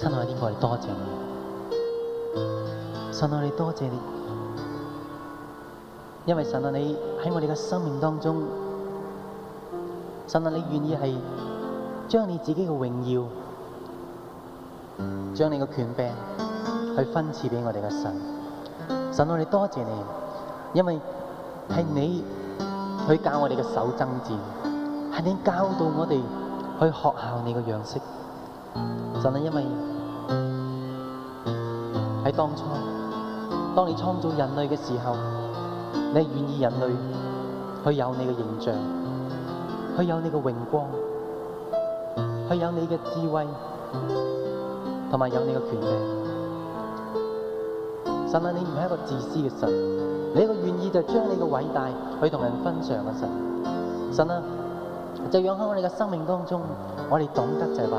親愛的我哋多謝你，神啊你多謝你，因為神啊你喺我哋嘅生命當中，神啊你願意係將你自己嘅榮耀，將你嘅權柄去分賜俾我哋嘅神，神啊你多謝你，因為係你去教我哋嘅手爭戰，係你教導我哋去學效你嘅樣式，神啊因為。喺當初，當你創造人類嘅時候，你係願意人類去有你嘅形象，去有你嘅榮光，去有你嘅智慧，同埋有你嘅權利。神啊，你唔係一個自私嘅神，你一個願意就將你嘅偉大去同人分享嘅、啊、神。神啊，就養喺我哋嘅生命當中，我哋懂得就話。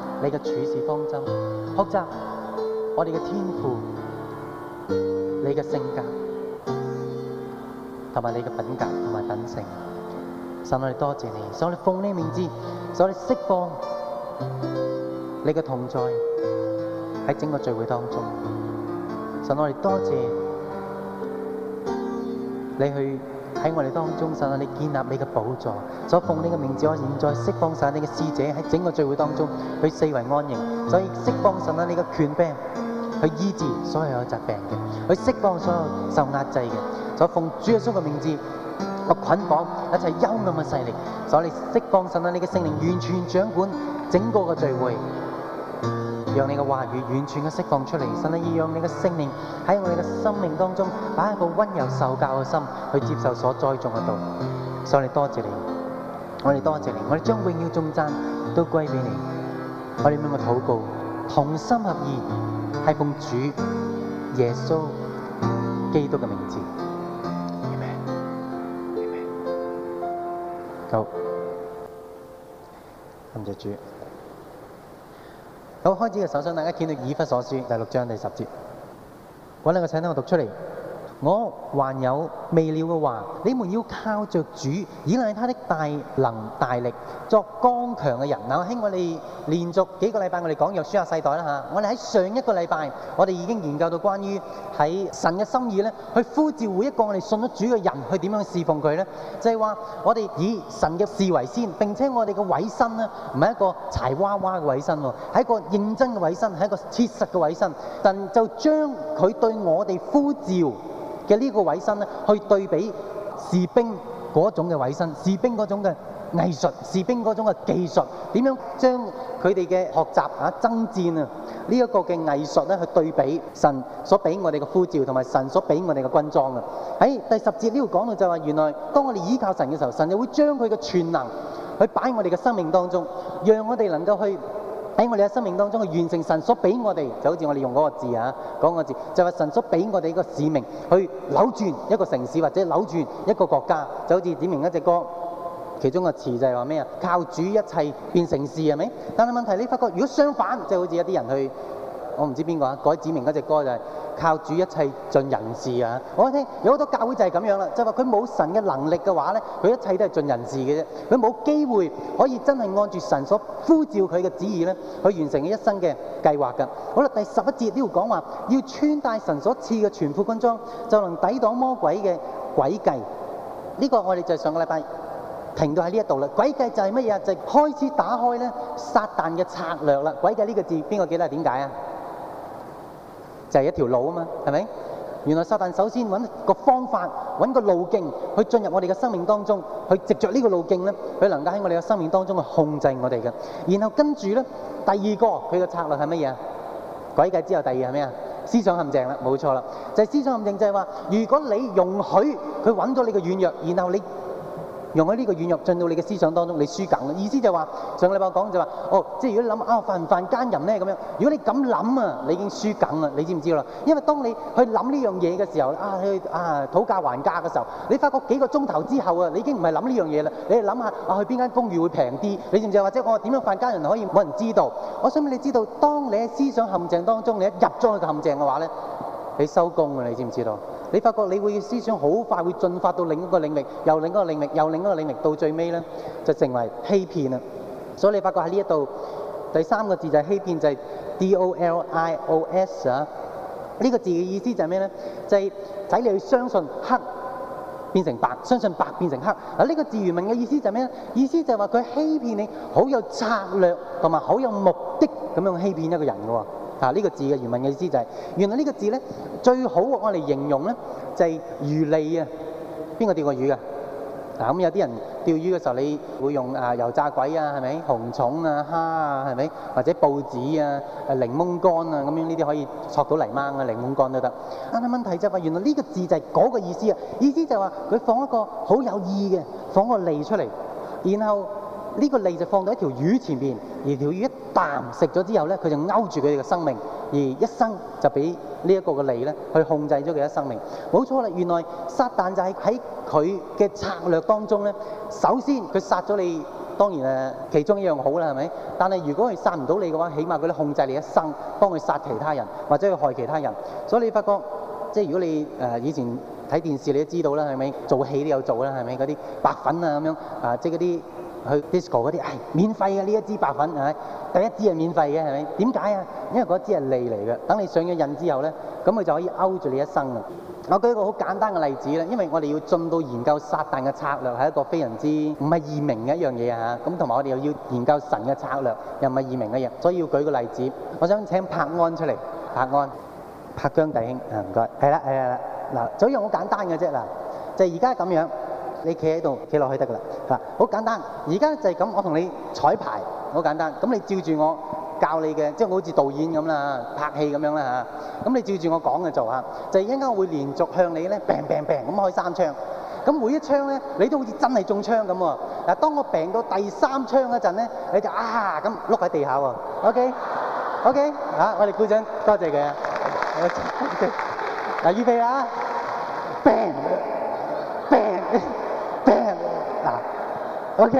你嘅處事方針，學習我哋嘅天賦，你嘅性格同埋你嘅品格同埋品性，神我哋多謝你，神我哋奉你名字，神我哋釋放你嘅同在喺整個聚會當中，神我哋多謝你去。喺我哋當中，神啊，你建立你嘅寶座，所以奉你嘅名字，我現在釋放晒你嘅使者喺整個聚會當中去四圍安營，所以釋放神啊你嘅權柄去醫治所有有疾病嘅，去釋放所有受壓制嘅，所以奉主耶穌嘅名字，我捆綁一切幽暗嘅勢力，所以釋放神啊你嘅聖靈完全掌管整個嘅聚會。讓你嘅話語完全嘅釋放出嚟，神啊！讓你嘅生命喺我哋嘅生命當中，擺一個溫柔受教嘅心去接受所栽種嘅道。所以多謝你，我哋多謝你，我哋將榮耀頌讚都歸俾你。我哋呢個禱告同心合意，係奉主耶穌基督嘅名字。阿門。阿門。夠。感謝主。咁開始嘅時候，大家見到以弗所書第六章第十節，揾兩個，請聽我讀出嚟。我還有未了嘅話，你們要靠着主倚賴他的大能大力，作剛強嘅人。嗱、嗯，望我哋連續幾個禮拜，我哋講約書亞世代啦。我哋喺上一個禮拜，我哋已經研究到關於喺神嘅心意呢，去呼召每一個我哋信咗主嘅人去點樣侍奉佢呢？就係、是、話我哋以神嘅事為先，並且我哋嘅委身呢，唔係一個柴娃娃嘅委身喎，係一個認真嘅委身，係一個切實嘅委身。但就將佢對我哋呼召嘅呢個委身咧，去對比士兵嗰種嘅委身，士兵嗰種嘅藝術，士兵嗰種嘅技術，點樣將佢哋嘅學習吓爭戰啊、這個、呢一個嘅藝術咧，去對比神所俾我哋嘅呼召，同埋神所俾我哋嘅軍裝啊！喺第十節呢度講到就話，原來當我哋依靠神嘅時候，神就會將佢嘅全能去擺我哋嘅生命當中，讓我哋能夠去。喺我哋嘅生命當中去完成神所俾我哋，就好似我哋用嗰個字啊，講、嗰個字就係、係、神所俾我哋個使命去扭轉一個城市，或者扭轉一個國家，就好似點名一隻歌。其中個詞就係話咩啊？靠主一切變城市係咪？但係問題你發覺如果相反，就好似一啲人去。我唔知邊個啊？改指明嗰隻歌就係靠主一切盡人事啊！我聽有好多教會就係咁樣啦，就話佢冇神嘅能力嘅話咧，佢一切都係盡人事嘅啫。佢冇機會可以真係按住神所呼召佢嘅旨意咧，去完成佢一生嘅計劃噶。好啦，第十一節都要講話要穿戴神所賜嘅全副軍裝，就能抵擋魔鬼嘅詭計。呢個我哋就上個禮拜停到喺呢一度啦。詭計就係乜嘢？就係開始打開咧撒但嘅策略啦。詭計呢個字邊個記得？係點解啊？就係一條路啊嘛，係咪？原來撒但首先揾個方法，揾個路徑去進入我哋嘅生命當中，去直著呢個路徑咧，佢能夠喺我哋嘅生命當中去控制我哋嘅。然後跟住咧，第二個佢嘅策略係乜嘢啊？鬼計之後第二係咩啊？思想陷阱啦，冇錯啦，就係思想陷阱，就係話如果你容許佢揾到你嘅軟弱，然後你，用喺呢個軟弱進到你嘅思想當中，你輸梗啦。意思就話，上個禮拜講就話，哦，即係如果諗啊犯唔犯奸淫呢？咁樣，如果你咁諗啊，你已經輸梗啦。你知唔知道？因為當你去諗呢樣嘢嘅時候啊，去討、啊、討價還價嘅時候，你發覺幾個鐘頭之後啊，你已經唔係諗呢樣嘢啦。你係諗下去邊間公寓會平啲？你知唔知道？或者我點樣犯奸淫可以冇人知道？我想問你知道，當你喺思想陷阱當中，你一入咗個陷阱嘅話咧，你收工啊！你知唔知道？你發覺你會思想好快會進發到另一個領域，由另一個領域，由另一個領域由另一個領域到最尾咧，就成為欺騙啦。所以你發覺喺呢一度，第三個字就係欺騙，就係 dolios 啊。呢個字嘅意思就係咩咧？就係仔，你去相信黑變成白，相信白變成黑。嗱，呢個字原文嘅意思就係咩咧？意思就係話佢欺騙你，好有策略同埋好有目的咁樣欺騙一個人嘅喎。啊！呢、這個字嘅原文嘅意思就係、是、原來呢個字咧，最好我嚟形容咧就係、是、魚餌啊！邊個釣過魚啊？嗱，咁有啲人釣魚嘅時候，你會用啊油炸鬼啊，係咪？紅蟲啊、蝦啊，係咪？或者報紙啊、檸檬乾啊，咁樣呢啲可以釣到泥掹啊，檸檬乾都得。但啊！問題就係、是、原來呢個字就係嗰個意思啊！意思就係話佢放一個好有意義嘅放個餌出嚟，然後。呢、這個利就放喺一條魚前面，而條魚一啖食咗之後呢，佢就勾住佢哋嘅生命，而一生就俾呢一個嘅利呢去控制咗佢嘅生命。冇錯啦，原來撒旦就係喺佢嘅策略當中呢。首先佢殺咗你，當然誒其中一樣好啦，係咪？但係如果佢殺唔到你嘅話，起碼佢咧控制你一生，幫佢殺其他人或者去害其他人。所以你發覺，即係如果你誒、呃、以前睇電視你都知道啦，係咪？做戲都有做啦，係咪？嗰啲白粉啊咁樣啊、呃，即係嗰啲。去 disco 嗰啲、哎，係免費嘅、啊、呢一支白粉係咪、哎？第一支係免費嘅係咪？點解啊？因為嗰支係利嚟嘅，等你上咗癮之後咧，咁佢就可以勾住你一生。我舉一個好簡單嘅例子啦，因為我哋要進到研究撒旦嘅策略係一個非常之唔係易明嘅一樣嘢嚇，咁同埋我哋又要研究神嘅策略又唔係易明嘅嘢，所以要舉個例子。我想請柏安出嚟，柏安，柏姜弟兄，唔、啊、該，係啦係啦，嗱，就一樣好簡單嘅啫嗱，就而家咁樣。你企喺度，企落去得噶啦，嗱、啊，好簡單。而家就係咁，我同你彩排，好簡單。咁你照住我教你嘅，即係我好似導演咁啦，拍戲咁樣啦嚇。咁、啊、你照住我講嘅做下、啊，就依、是、家我會連續向你咧，砰砰砰咁開三槍。咁、啊、每一槍咧，你都好似真係中槍咁喎。嗱、啊，當我砰到第三槍嗰陣咧，你就啊咁碌喺地下喎。OK，OK，OK? OK？嚇、啊，我哋鼓掌，多謝佢。好，謝謝。嗱，預備啊，砰、啊！OK，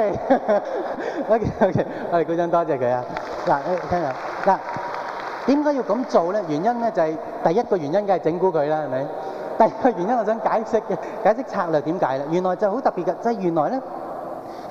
OK，OK，我哋鼓掌多謝佢啊。嗱，聽下，嗱，點解要咁做咧？原因咧就係第一個原因梗係整蠱佢啦，係咪？第二個原因我想解釋嘅，解釋策略點解咧？原來就好特別嘅，即係原來咧。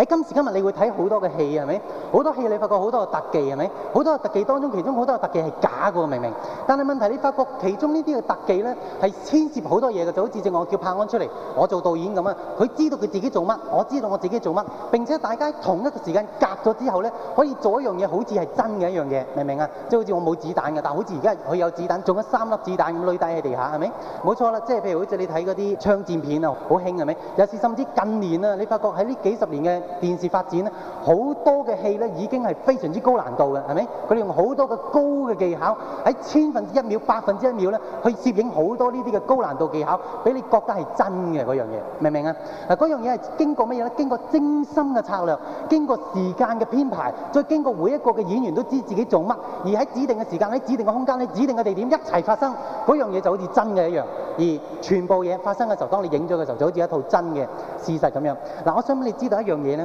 喺今時今日，你會睇好多嘅戲，係咪？好多戲你發覺好多嘅特技，係咪？好多嘅特技當中，其中好多嘅特技係假嘅，明明？但係問題，你發覺其中呢啲嘅特技咧，係牽涉好多嘢嘅，就好似正我叫柏安出嚟，我做導演咁啊。佢知道佢自己做乜，我知道我自己做乜。並且大家同一個時間夾咗之後咧，可以做一樣嘢，好似係真嘅一樣嘢，明唔明啊？即係好似我冇子彈嘅，但係好似而家佢有子彈，中咗三粒子彈咁累低喺地下，係咪？冇錯啦，即係譬如好似你睇嗰啲槍戰片啊，好興係咪？有時甚至近年啊，你發覺喺呢幾十年嘅。電視發展咧，好多嘅戲呢已經係非常之高難度嘅，係咪？佢哋用好多嘅高嘅技巧，喺千分之一秒、百分之一秒呢去攝影好多呢啲嘅高難度技巧，俾你覺得係真嘅嗰樣嘢，明唔明啊？嗱，嗰樣嘢係經過乜嘢呢？經過精心嘅策略，經過時間嘅編排，再經過每一個嘅演員都知自己做乜，而喺指定嘅時間，喺指定嘅空間，喺指定嘅地點一齊發生，嗰樣嘢就好似真嘅一樣，而全部嘢發生嘅時候，當你影咗嘅時候，就好似一套真嘅事實咁樣。嗱，我想俾你知道一樣嘢。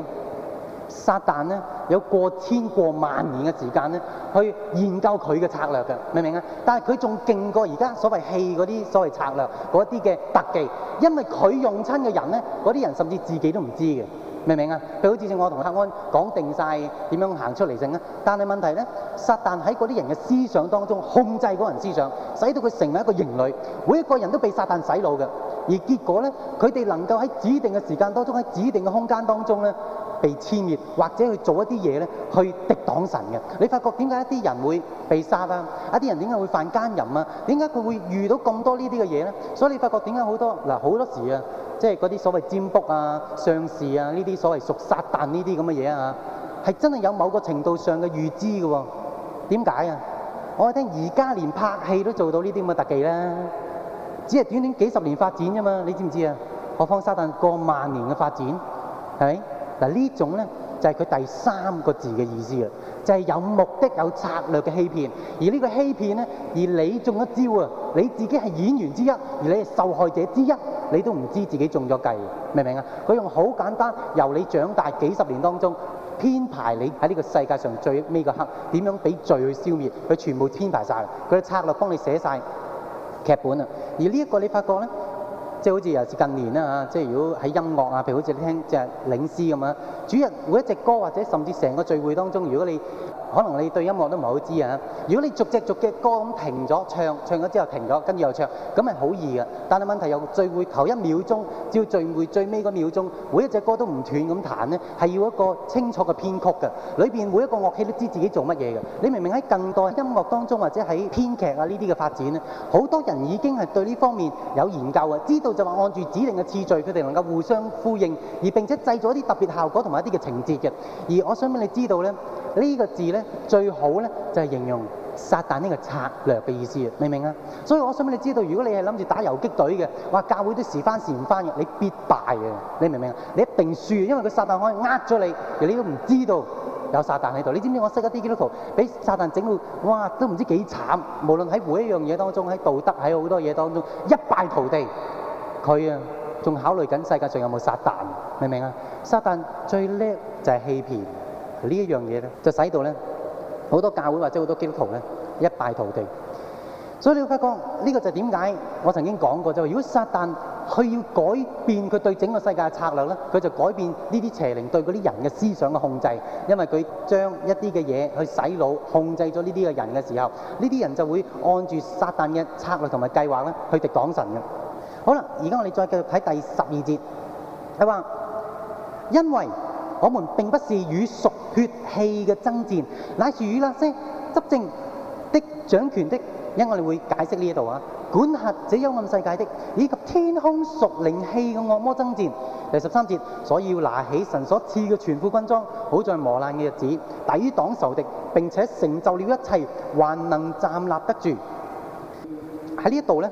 撒旦咧，有過千過萬年嘅時間咧，去研究佢嘅策略嘅，明唔明啊？但係佢仲勁過而家所謂戲嗰啲所謂策略嗰啲嘅特技，因為佢用親嘅人咧，嗰啲人甚至自己都唔知嘅。明唔明啊？譬如好似我同客人講定晒點樣行出嚟性啊。但係問題咧，撒旦喺嗰啲人嘅思想當中控制嗰人思想，使到佢成為一個人類。每一個人都被撒旦洗腦嘅，而結果咧，佢哋能夠喺指定嘅時間當中喺指定嘅空間當中咧。被殲滅，或者去做一啲嘢咧，去敵擋神嘅。你發覺點解一啲人會被殺啊？一啲人點解會犯奸淫啊？點解佢會遇到咁多這些呢啲嘅嘢咧？所以你發覺點解好多嗱好多時啊，即係嗰啲所謂占卜啊、相士啊呢啲所謂屬撒但呢啲咁嘅嘢啊，係真係有某個程度上嘅預知嘅喎，啊。點解啊？我聽而家連拍戲都做到呢啲咁嘅特技啦，只係短短幾十年發展啫嘛，你知唔知啊？何況撒但過萬年嘅發展，係咪？嗱，呢種咧就係佢第三個字嘅意思啦，就係有目的、有策略嘅欺騙。而呢個欺騙咧，而你中一招啊，你自己係演員之一，而你係受害者之一，你都唔知自己中咗計，明唔明啊？佢用好簡單，由你長大幾十年當中編排你喺呢個世界上最尾個刻點樣俾罪去消滅，佢全部編排晒，佢嘅策略幫你寫晒劇本啊。而呢一個你發覺咧？即係好似尤其是近年啦，吓，即係如果喺音樂啊，譬如好似你聽，即係領詩咁樣，主要每一隻歌或者甚至成個聚會當中，如果你可能你對音樂都唔係好知啊。如果你逐隻逐隻歌咁停咗，唱，唱咗之後停咗，跟住又唱，咁係好易嘅。但係問題又聚會頭一秒鐘，只要聚會最尾一秒鐘，每一隻歌都唔斷咁彈。呢係要一個清楚嘅編曲嘅。裏邊每一個樂器都知道自己做乜嘢嘅。你明明喺更多的音樂當中，或者喺編劇啊呢啲嘅發展呢，好多人已經係對呢方面有研究啊。知道就話按住指定嘅次序，佢哋能夠互相呼應，而並且製咗一啲特別效果同埋一啲嘅情節嘅。而我想俾你知道呢。呢、這個字咧最好咧就係、是、形容撒但呢個策略嘅意思，明唔明啊？所以我想俾你知道，如果你係諗住打遊擊隊嘅，哇！教會都時返時唔返嘅，你必敗嘅，你明唔明啊？你一定輸，因為佢撒但可以呃咗你，而你都唔知道有撒但喺度。你知唔知我識一啲基督徒俾撒但整到哇都唔知幾慘？無論喺每一樣嘢當中，喺道德喺好多嘢當中一敗塗地。佢啊仲考慮緊世界上有冇撒但，明唔明啊？撒但最叻就係欺騙。呢一樣嘢咧，就使到咧好多教會或者好多基督徒咧一敗塗地。所以你會發覺呢個就係點解我曾經講過，就如果撒旦佢要改變佢對整個世界嘅策略咧，佢就改變呢啲邪靈對嗰啲人嘅思想嘅控制，因為佢將一啲嘅嘢去洗腦控制咗呢啲嘅人嘅時候，呢啲人就會按住撒旦嘅策略同埋計劃咧去敵擋神嘅。好啦，而家我哋再繼續睇第十二節，係話因為。我們並不是與屬血氣嘅爭戰，乃係與那些執政的掌權的，因為我哋會解釋呢一度啊，管轄這幽暗世界的，以及天空屬靈氣嘅惡魔爭戰。第十三節，所以要拿起神所賜嘅全副軍裝，好在磨難嘅日子，抵擋仇敵，並且成就了一切，還能站立得住。喺呢一度咧。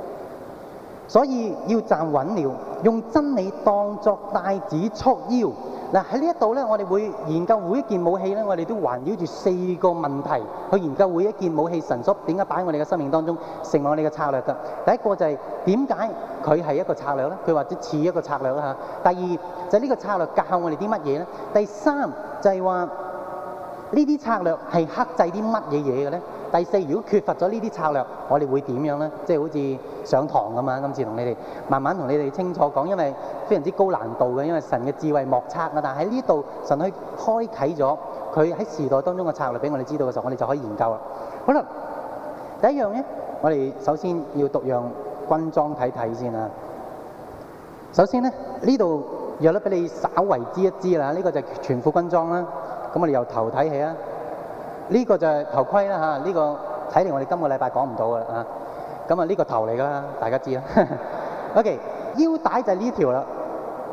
所以要站穩了，用真理當作帶子束腰。嗱、啊、喺呢一度我哋會研究每一件武器咧，我哋都環繞住四個問題去研究每一件武器，神索點解擺喺我哋嘅生命當中成為我哋嘅策略嘅。第一個就係點解佢係一個策略咧？佢或者似一個策略啦。第二就係、是、呢個策略教我哋啲乜嘢。第三就係話呢啲策略係克制啲乜嘢嘢嘅咧？第四，如果缺乏咗呢啲策略，我哋會點樣呢？即係好似上堂咁嘛！今次同你哋慢慢同你哋清楚講，因為非常之高難度嘅，因為神嘅智慧莫測啊！但係喺呢度，神去開啟咗佢喺時代當中嘅策略俾我哋知道嘅時候，我哋就可以研究啦。好啦，第一樣呢，我哋首先要讀樣軍裝睇睇先啊。首先呢，呢度有得俾你稍微知一知啦。呢個就係全副軍裝啦。咁我哋由頭睇起啊。呢個就係頭盔啦嚇，呢個睇嚟我哋今個禮拜講唔到噶啦嚇，咁啊呢個頭嚟噶啦，大家知啦。 OK，腰帶就係呢條啦，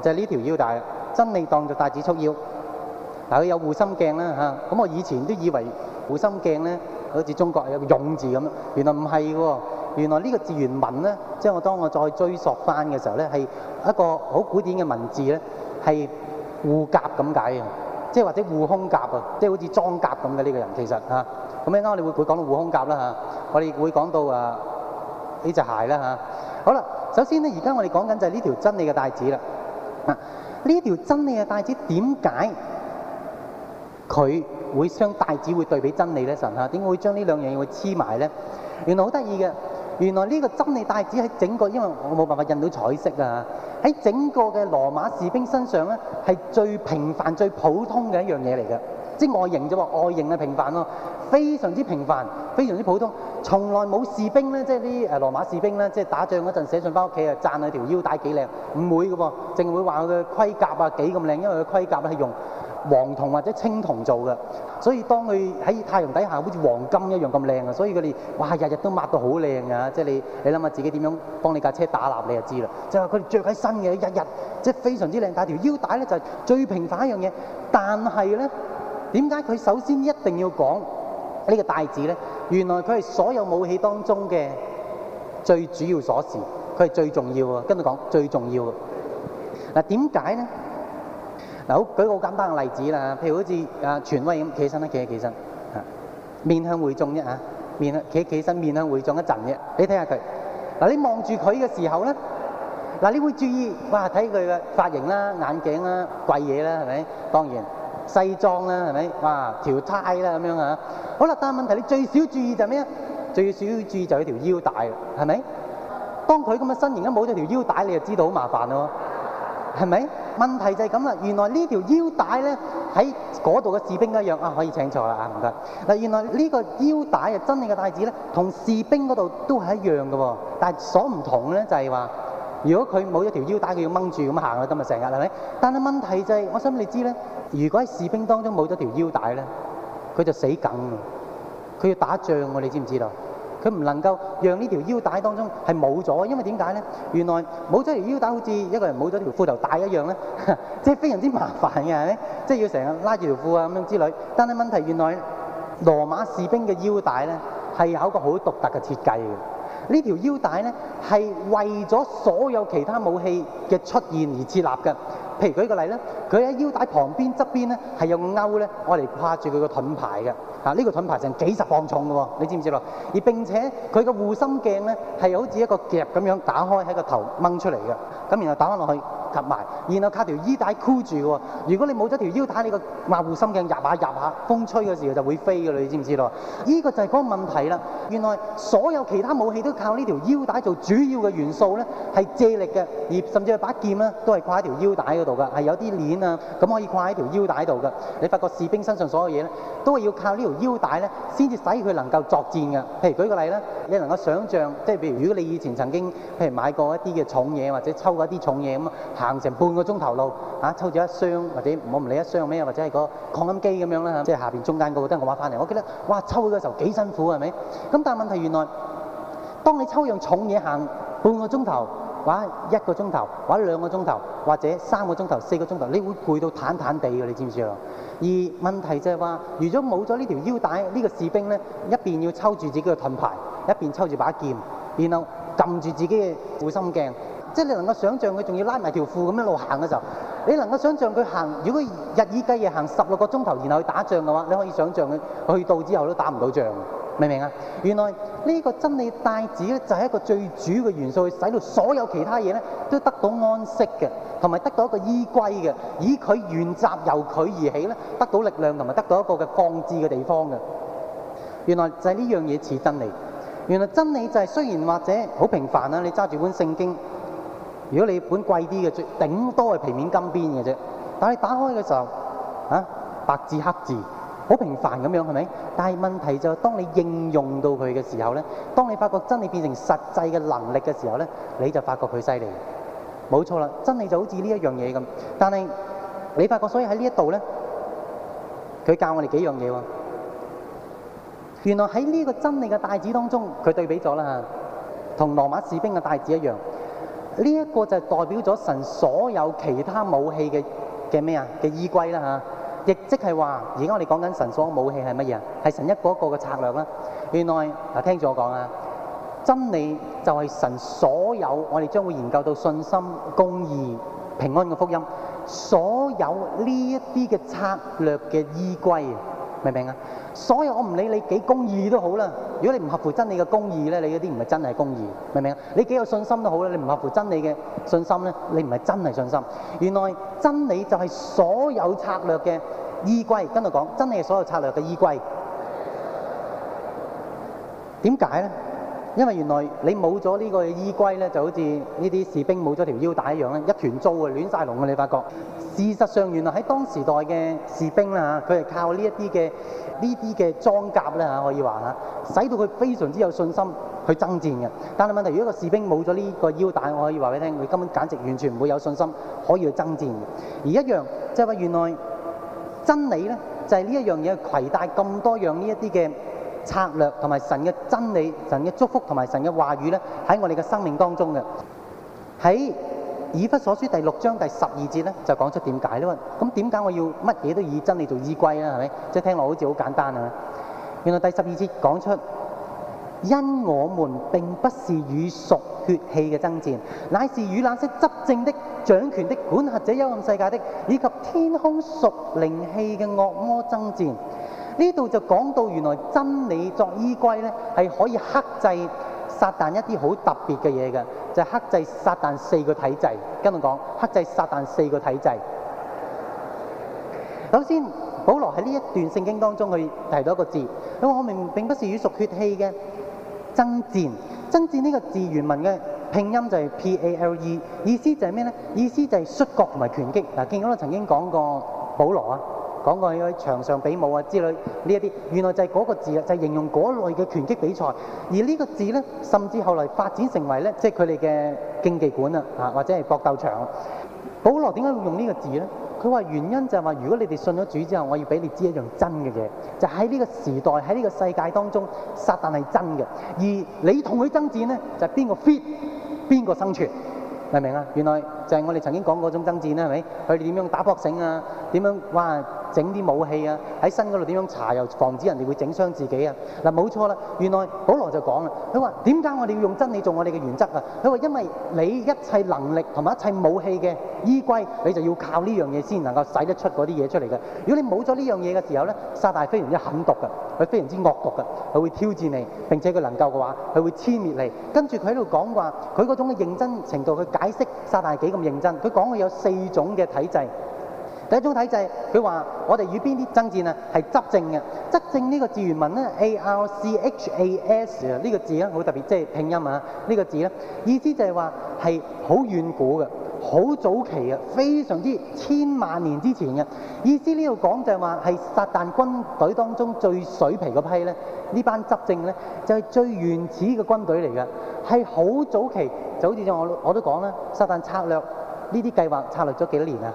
就係呢條腰帶，真理當做帶子束腰。但佢有護心鏡啦嚇，咁我以前都以為護心鏡咧，好似中國有勇字咁樣，原來唔係喎，原來呢個字原文咧，即係我當我再追索翻嘅時候咧，係一個好古典嘅文字咧，係護甲咁解嘅。即係或者護胸甲啊，即係好似裝甲咁嘅呢個人，其實嚇。咁而啱，我哋會會講到護胸甲啦嚇、啊，我哋會講到啊呢隻鞋啦嚇、啊。好啦，首先咧，而家我哋講緊就係呢條真理嘅帶子啦。啊，呢條真理嘅帶子點解佢會將帶子會對比真理咧？神嚇點解、啊、會將呢兩樣嘢會黐埋咧？原來好得意嘅，原來呢個真理帶子喺整個，因為我冇辦法印到彩色啊。喺整個嘅羅馬士兵身上咧，係最平凡、最普通嘅一樣嘢嚟嘅，即外形啫喎，外形係平凡咯，非常之平凡，非常之普通。從來冇士兵咧，即係啲誒羅馬士兵咧，即係打仗嗰陣寫信翻屋企啊，讚佢條腰帶幾靚，唔會嘅喎，淨係會話佢嘅盔甲啊幾咁靚，因為佢盔甲咧係用，黃銅或者青銅做嘅，所以當佢喺太陽底下，好似黃金一樣咁靚啊！所以佢哋哇，日日都抹到好靚啊！即係你，你諗下自己點樣幫你架車打蠟，你就知啦。就係佢哋着喺身嘅，日日即係非常之靚。但係條腰帶咧就係最平凡一樣嘢，但係咧點解佢首先一定要講呢個帶子咧？原來佢係所有武器當中嘅最主要鎖匙，佢係最重要啊！跟住講最重要啊！嗱，點解咧？嗱，好，舉個好簡單嘅例子啦，譬如好似啊，傳威咁企起身啦，企起身，啊，面向會眾啫嚇、啊，面向，企企起身，面向會眾一陣啫，你睇下佢，嗱，你望住佢嘅時候咧，嗱，你會注意，哇，睇佢嘅髮型啦、眼鏡啦、貴嘢啦，係咪？當然西裝啦，係咪？哇，條呔啦咁樣嚇、啊，好啦，但係問題你最少注意就係咩啊？最少注意就係條腰帶，係咪？當佢咁嘅身形一冇咗條腰帶，你就知道好麻煩咯、啊。係咪問題就係咁啦？原來呢條腰帶咧，喺嗰度嘅士兵一樣啊，可以請坐啦啊，唔該嗱。原來呢個腰帶啊，真理嘅帶子咧，同士兵嗰度都係一樣嘅喎，但係所唔同咧就係話，如果佢冇咗條腰帶，佢要掹住咁行啦，今日成日係咪？但係問題就係、是，我想你知咧，如果喺士兵當中冇咗條腰帶咧，佢就死梗，佢要打仗喎，你知唔知道？佢唔能夠讓呢條腰帶當中係冇咗，因為點解咧？原來冇咗條腰帶好似一個人冇咗條褲頭帶一樣咧，即係非常之麻煩嘅，係咪？即係要成日拉住條褲啊咁樣之類。但係問題，原來羅馬士兵嘅腰帶咧係有一個好獨特嘅設計嘅，呢條腰帶咧係為咗所有其他武器嘅出現而設立嘅。譬如舉個例咧，佢喺腰帶旁邊側邊呢，係用鈎呢。用嚟掛住佢，啊個盾牌嘅。啊，呢個盾牌成幾十磅重㗎喎，你知唔知道？而並且佢個護心鏡呢係好似一個夾咁樣打開喺個頭掹出嚟嘅，然後打翻落去。及埋，然後卡條腰帶箍住嘅喎。如果你冇咗條腰帶，你個馬護心鏡入下入下，風吹嘅時候就會飛嘅啦。你知唔知道？呢、呢個就係嗰個問題啦。原來所有其他武器都靠呢條腰帶做主要嘅元素咧，係借力嘅，而甚至係把劍咧都係掛喺條腰帶嗰度嘅，係有啲鏈啊咁可以掛喺條腰帶度嘅。你發覺士兵身上所有嘢咧，都係要靠條帶呢條腰帶咧，先至使佢能夠作戰嘅。譬如舉個例咧，你能夠想像，即係譬如如果你以前曾經譬如買過一啲嘅重嘢，或者抽過一啲重嘢咁啊。行成半個鐘頭路，嚇、啊、抽住一箱或者唔好唔理一箱咩，或者係個擴音機咁樣啦、啊、即係下邊中間嗰個都我買翻嚟。我記得哇，抽嘅時候幾辛苦係咪？咁但係問題原來，當你抽樣重嘢行半個鐘頭，或者一個鐘頭，或者兩個鐘頭，或者三個鐘頭、四個鐘頭，你會攰到坦坦地嘅，你知唔知啊？而問題就係話，如果冇咗呢條腰帶，呢、呢個士兵咧一邊要抽住自己嘅盾牌，一邊抽住把劍，然後撳住自己嘅護心鏡。即係你能夠想像佢仲要拉埋條褲咁一路行嘅時候，你能夠想像佢行。如果日以繼夜行十六個鐘頭，然後去打仗嘅話，你可以想像佢去到之後都打唔到仗了，明唔明啊？原來呢個真理帶子咧，就係一個最主要嘅元素，去使到所有其他嘢咧都得到安息嘅，同埋得到一個依歸嘅。以佢原責由佢而起咧，得到力量，同埋得到一個嘅放置嘅地方嘅。原來就係呢樣嘢似真理。原來真理就係雖然或者好平凡啊，你揸住本聖經。如果你本貴啲嘅，最頂多係皮面金邊嘅啫。但係你打開嘅時候，啊，白字黑字，好平凡咁樣，係咪？但係問題就係，當你應用到佢嘅時候咧，當你發覺真理變成實際嘅能力嘅時候咧，你就發覺佢犀利。冇錯啦，真理就好似呢一樣嘢咁。但係你發覺，所以喺呢一度咧，佢教我哋幾樣嘢喎。原來喺呢個真理嘅帶子當中，佢對比咗啦，同羅馬士兵嘅帶子一樣。呢一個就係代表咗神所有其他武器嘅嘅咩啊？嘅依歸啦嚇。亦即係話，而家我哋講緊神所有武器係乜嘢？係神一個一個嘅策略啦。原來嗱，聽住我講啊，真理就係神所有，我哋將會研究到信心、公義、平安嘅福音，所有呢一啲嘅策略嘅依歸。明唔明啊？所以我唔理你幾公義都好啦。如果你唔合乎真理嘅公義咧，你嗰啲唔係真係公義，明唔明啊？你幾有信心都好啦，你唔合乎真理嘅信心咧，你唔係真係信心。原來真理就係所有策略嘅依歸，跟度講，真理係所有策略嘅依歸。點解咧？因為原來你冇咗呢個衣櫃咧，就好似呢啲士兵冇咗條腰帶一樣咧，一團糟啊，亂晒龍啊，你發覺事實上，原來喺當時代嘅士兵啦吓，佢係靠呢一啲嘅呢啲嘅裝甲咧吓，可以話吓，使到佢非常之有信心去爭戰嘅。但係問題，如果個士兵冇咗呢個腰帶，我可以話俾你聽，佢根本簡直完全唔會有信心可以去爭戰。而一樣即係話，就是、原來真理咧就係、是、呢一樣嘢，攜帶咁多樣呢一啲嘅。策略同埋神嘅真理、神嘅祝福同埋神嘅話語咧，喺我哋嘅生命當中嘅。喺以弗所書第六章第十二節咧，就講出點解啦。咁點解我要乜嘢都以真理做依歸咧？係咪？即係聽落好似好簡單啊。原來第十二節講出，因我們並不是與屬血氣嘅爭戰，乃是與那些執政的、掌權的、管轄者、幽暗世界的，以及天空屬靈氣嘅惡魔爭戰。呢度就講到原來真理作依歸咧，係可以克制撒但一啲好特別嘅嘢嘅，就係克制撒但四個體制。跟住講，克制撒但四個體制。首先，保羅喺呢一段聖經當中佢提到一個字，佢話我明明並不是與屬血氣嘅爭戰。爭戰呢個字原文嘅拼音就係 p a l e，意思就係咩咧？意思就係摔角同埋拳擊。嗱，見到我曾經講過保羅啊。講過喺場上比武啊之類呢一啲，原來就係嗰個字啊，就係形容嗰類嘅拳擊比賽。而呢個字咧，甚至後來發展成為咧，即係佢哋嘅競技館啦，啊或者係搏鬥場。保羅點解會用呢個字咧？佢話原因就係話，如果你哋信咗主之後，我要俾你知一樣真嘅嘢，就喺呢個時代喺呢個世界當中，撒但係真嘅，而你同佢爭戰咧，就係邊個 fit，邊個生存？明唔明啊？原來就係我哋曾經講嗰種爭戰啦，係咪？佢哋點樣打搏繩啊？點樣哇？整啲武器啊，喺身嗰度點樣查，又防止人哋會整傷自己啊！嗱冇錯啦，原來保羅就講啦，佢話點解我哋要用真理做我哋嘅原則啊？佢話因為你一切能力同埋一切武器嘅依歸，你就要靠呢樣嘢先能夠使得出嗰啲嘢出嚟嘅。如果你冇咗呢樣嘢嘅時候咧，撒但非常之狠毒嘅，佢非常之惡毒嘅，佢會挑戰你，並且佢能夠嘅話，佢會殲滅你。跟住佢喺度講話，佢嗰種嘅認真程度，佢解釋撒但係幾咁認真。佢講佢有四種嘅體制。第一種體制，佢話我哋與邊啲爭戰啊？係執政嘅，執政呢個字原文咧，A R C H A S 啊，呢個字咧好特別，即係拼音啊，呢個字咧意思就係話係好遠古嘅，好早期嘅，非常之千萬年之前嘅。意思呢度講就係話係撒旦軍隊當中最水皮嗰批咧，呢班執政咧就係最原始嘅軍隊嚟嘅，係好早期，就好似我我都講啦，撒旦策略呢啲計劃策略咗幾多年啊？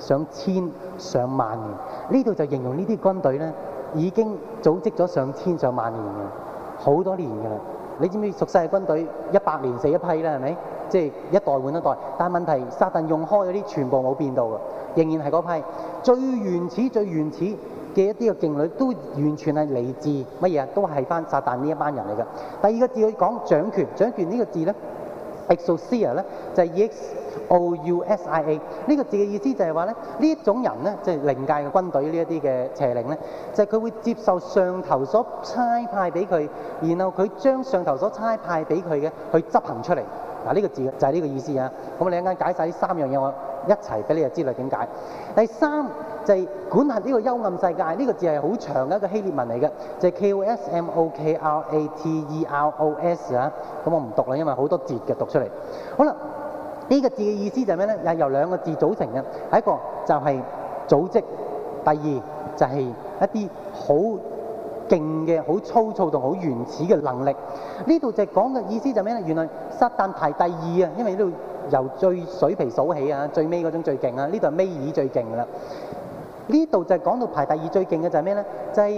上千上萬年，呢度就形容呢啲軍隊呢，已經組織咗上千上萬年嘅，好多年嘅啦。你知唔知俗世嘅軍隊一百年死一批啦，係咪？即係一代換一代。但係問題，撒旦用開嗰啲全部冇變到嘅，仍然係嗰批最原始、最原始嘅一啲嘅勁女，都完全係嚟自乜嘢？都係翻撒旦呢一班人嚟嘅。第二個字佢講掌權，掌權呢個字呢。Exosia, exousia 咧就係 exousia 呢個字嘅意思就係話咧，呢一種人咧，即係靈界嘅軍隊呢一啲嘅邪靈咧就係、是、佢會接受上頭所差派俾佢，然後佢將上頭所差派俾佢嘅去執行出嚟。嗱、這、呢個字就係呢個意思啊！咁我一陣間解晒呢三樣嘢，我一齊俾你啊知啦點解。第三就係、是、管轄呢個幽暗世界，呢、這個字係好長嘅一個希臘文嚟嘅，就係、是、KOSMOKRATEROS -E、啊！咁我唔讀啦，因為好多字嘅讀出嚟。好啦，呢、這個字嘅意思就係咩咧？又係由兩個字組成嘅，第一個就係組織，第二就係一啲好。勁嘅好粗糙同好原始嘅能力，呢度就係講嘅意思就係咩咧？原來撒旦排第二啊，因為呢度由最水皮數起啊，最尾嗰種最勁啊，呢度係尾二最勁啦。呢度就係講到排第二最勁嘅就係咩咧？就係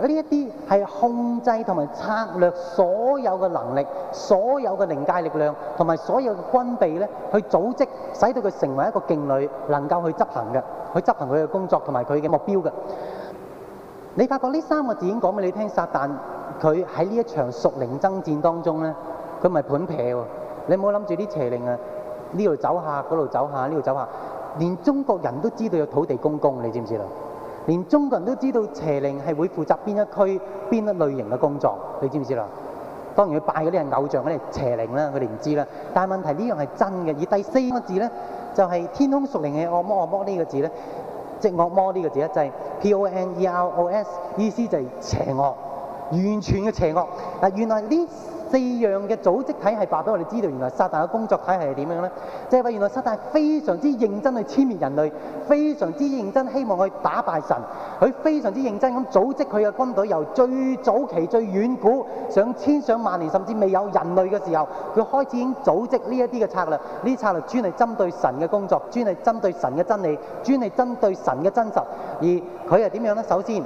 呢一啲係控制同埋策略所有嘅能力、所有嘅靈界力量同埋所有嘅軍備咧，去組織使到佢成為一個勁旅，能夠去執行嘅，去執行佢嘅工作同埋佢嘅目標嘅。你發覺呢三個字已經講俾你聽，撒旦佢喺呢一場屬靈爭戰當中咧，佢唔係判賠喎。你唔好諗住啲邪靈啊，呢度走下，嗰度走下，呢度走下。連中國人都知道有土地公公，你知唔知啦？連中國人都知道邪靈係會負責邊一區、邊一類型嘅工作，你知唔知啦？當然佢拜嗰啲係偶像，嗰啲邪靈啦，佢哋唔知啦。但係問題呢樣係真嘅。而第四個字咧，就係、是、天空屬靈嘅惡魔，惡魔呢個字咧。即惡魔呢個字就即、是、P O N E R O S，意思就係邪惡，完全嘅邪惡。嗱，原來呢～四樣嘅組織體系話俾我哋知道，原來撒旦嘅工作體系係點樣呢？即係話原來撒旦非常之認真去殲滅人類，非常之認真希望去打敗神，佢非常之認真咁組織佢嘅軍隊，由最早期、最遠古上千上萬年，甚至未有人類嘅時候，佢開始已經組織呢一啲嘅策略，呢策略專係針對神嘅工作，專係針對神嘅真理，專係針對神嘅真實。而佢係點樣呢？首先，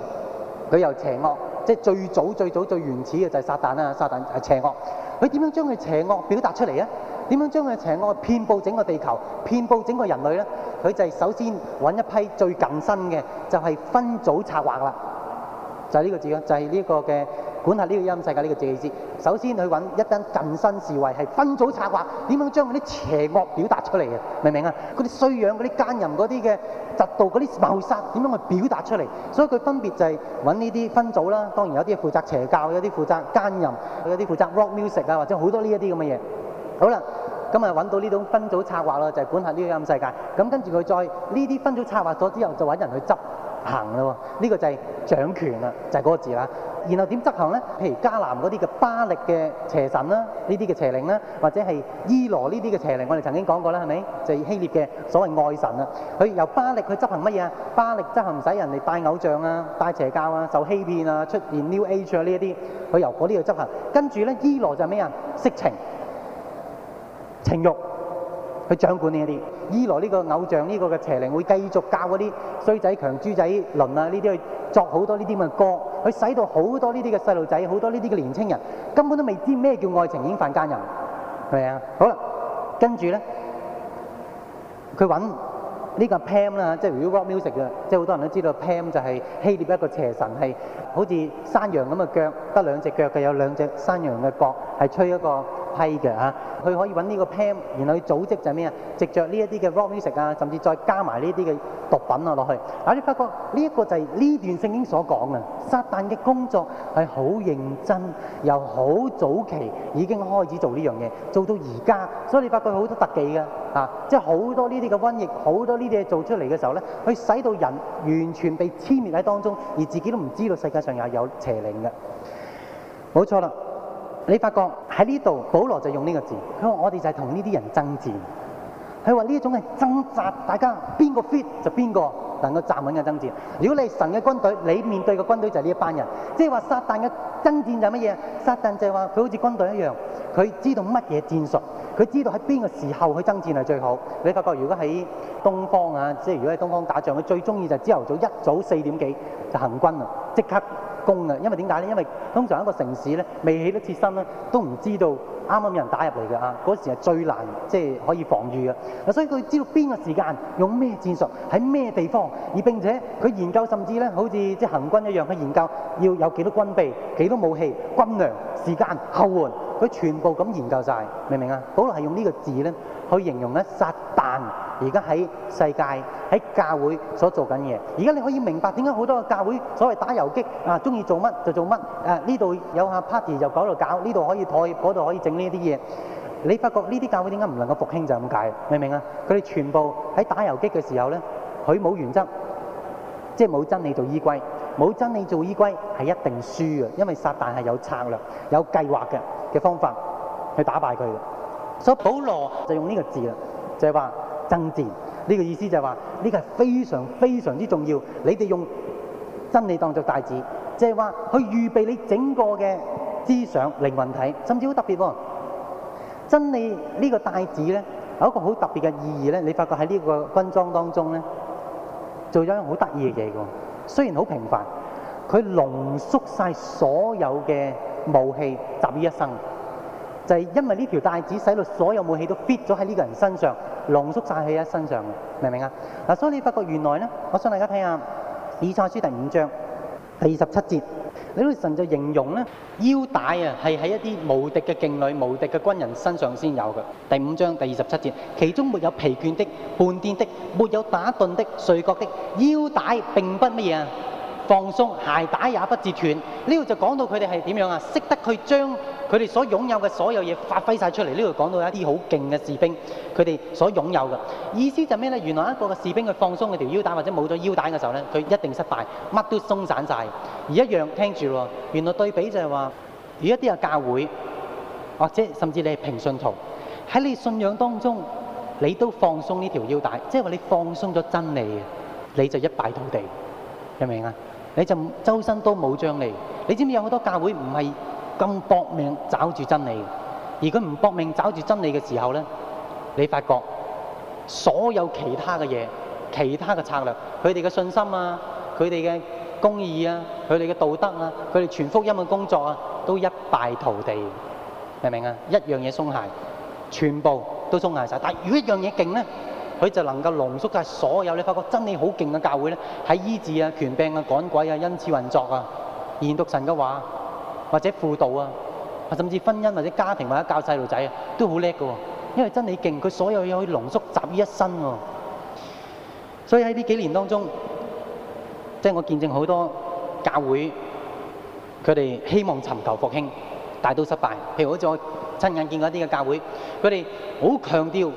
佢由邪惡。即係最早最早最原始嘅就係撒旦啊，撒旦係邪惡，佢點樣將佢邪惡表達出嚟咧？點樣將佢邪惡遍佈整個地球、遍佈整個人類咧？佢就係首先揾一批最近身嘅，就係、是、分組策劃嘅啦。就係、是、呢個字啊，就係、是、呢個嘅。管轄呢個音世界呢、這個意思，首先去揾一班近身侍衛，係分組策劃點樣將嗰啲邪惡表達出嚟嘅，明唔明啊？嗰啲衰樣嗰啲奸淫嗰啲嘅，嫉妒嗰啲謀殺，點樣去表達出嚟？所以佢分別就係揾呢啲分組啦。當然有啲負責邪教，有啲負責奸淫，有啲負責 rock music 啊，或者好多呢一啲咁嘅嘢。好啦，咁啊揾到呢種分組策劃啦，就係、是、管轄呢個音世界。咁跟住佢再呢啲分組策劃咗之後，就揾人去執。行嘞喎，呢、這個就係掌權啦，就係、是、嗰個字啦。然後點執行咧？譬如迦南嗰啲嘅巴力嘅邪神啦，呢啲嘅邪靈啦，或者係伊羅呢啲嘅邪靈，我哋曾經講過啦，係咪？就是、希臘嘅所謂愛神啊，佢由巴力去執行乜嘢啊？巴力執行使人哋拜偶像啊、拜邪教啊、受欺騙啊、出現 New Age 啊呢一啲，佢由嗰啲去執行。跟住咧，伊羅就係咩啊？色情、情欲，去掌管呢一啲。伊洛呢個偶像呢個嘅邪靈會繼續教嗰啲衰仔、強豬仔、麟啊呢啲去作好多呢啲咁嘅歌，去使到好多呢啲嘅細路仔、好多呢啲嘅年青人根本都未知咩叫愛情已經犯奸淫。係啊，好啦，跟住咧，佢揾呢個 Pam 啦，即係如果 Rock Music 嘅，即係好多人都知道 Pam 就係希臘一個邪神係。好似山羊咁嘅腳，得兩隻腳嘅，有兩隻山羊嘅角，係吹一個批嘅佢、啊、可以搵呢個 pan 然後去組織就係咩啊？藉着呢一啲嘅 rock music 啊，甚至再加埋呢啲嘅毒品啊落去。啊，你發覺呢一、這個就係呢段聖經所講啊，撒旦嘅工作係好認真，由好早期已經開始做呢樣嘢，做到而家。所以你發覺好多特技嘅啊，即係好多呢啲嘅瘟疫，好多呢啲嘢做出嚟嘅時候咧，去使到人完全被殲滅喺當中，而自己都唔知道世界上有邪靈嘅，冇錯啦。你發覺喺呢度保羅就用呢個字，佢話我哋就是同呢啲人爭戰，佢話呢一種係掙扎，大家邊個 fit 就邊個能夠站穩嘅爭戰，如果你係神嘅軍隊，你面對嘅軍隊就係呢一班人，即係話撒旦嘅爭戰就係乜嘢？撒旦就係話佢好似軍隊一樣，佢知道乜嘢戰術，佢知道喺邊個時候去爭戰係最好。你發覺如果喺東方啊，即係如果喺東方打仗，佢最中意就係朝頭早一早四點幾就行軍啦，即刻攻啊！因為點解咧？因為通常一個城市咧未起得徹身咧，都唔知道。啱啱人打入嚟嘅啊，嗰時係最難，即係可以防禦嘅。所以佢知道邊個時間用咩戰術，喺咩地方，而並且佢研究甚至呢好似即行軍一樣去研究，要有幾多軍備、幾多武器、軍糧、時間、後援，佢全部咁研究晒，明唔明啊？保羅係用呢個字呢。去形容咧，撒但而家喺世界喺教會所做緊嘢，而家你可以明白點解好多教會所謂打遊擊啊，中意做乜就做乜，誒呢度有下 party 就搞度搞，呢度可以妥協，嗰度可以整呢啲嘢。你發覺呢啲教會點解唔能夠復興，就係咁解，明唔明啊？佢哋全部喺打遊擊嘅時候咧，佢冇原則，即係冇真理做依歸，冇真理做依歸係一定輸嘅，因為撒但係有策略、有計劃嘅嘅方法去打敗佢嘅。所以保羅就用呢個字啦，就係話爭戰。呢個意思就係話呢個係非常非常之重要。你哋用真理當做帶子，就係話去預備你整個嘅思想靈魂體，甚至好特別。真理呢個帶子咧，有一個好特別嘅意義咧。你發覺喺呢個軍裝當中咧，做咗一樣好得意嘅嘢喎。雖然好平凡，佢濃縮晒所有嘅武器集於一身。就係因為呢條帶子，使到所有武器都 fit 咗喺呢個人身上，濃縮曬喺佢身上，明唔明啊？嗱，所以你發覺原來咧，我想大家睇下，以賽書第五章第二十七節，呢位神就形容咧腰帶啊，係喺一啲無敵嘅勁旅、無敵嘅軍人身上先有嘅。第五章第二十七節，其中沒有疲倦的、絆跌的、沒有打盹的、睡覺的，腰帶並不乜嘢啊。放鬆鞋帶也不折斷，呢度就講到佢哋係點樣啊？識得去將佢哋所擁有嘅所有嘢發揮晒出嚟。呢度講到一啲好勁嘅士兵，佢哋所擁有嘅意思就咩呢？原來一個嘅士兵去放鬆佢條腰帶或者冇咗腰帶嘅時候呢，佢一定失敗，乜都鬆散晒。而一樣聽住喎，原來對比就係話，而一啲嘅教會或者甚至你係平信徒，喺你信仰當中，你都放鬆呢條腰帶，即係話你放鬆咗真理，你就一敗塗地，明唔明啊？你就周身都冇仗嚟，你知唔知有好多教會唔係咁搏命找住真理，而佢唔搏命找住真理嘅時候呢，你發覺所有其他嘅嘢、其他嘅策略、佢哋嘅信心啊、佢哋嘅公義啊、佢哋嘅道德啊、佢哋全福音嘅工作啊，都一敗塗地，明唔明啊？一樣嘢鬆懈，全部都鬆懈晒。但係如果一樣嘢勁呢？佢就能夠濃縮晒所有，你發覺真理好勁嘅教會咧，喺醫治啊、權柄啊、趕鬼啊、恩賜運作啊、研讀神嘅話，或者輔導啊，甚至婚姻或者家庭或者教細路仔啊，都好叻嘅。因為真理勁，佢所有嘢可以濃縮集於一身喎、哦。所以喺呢幾年當中，即、就、係、是、我見證好多教會，佢哋希望尋求復興，大都失敗。譬如好似我再親眼見過一啲嘅教會，佢哋好強調。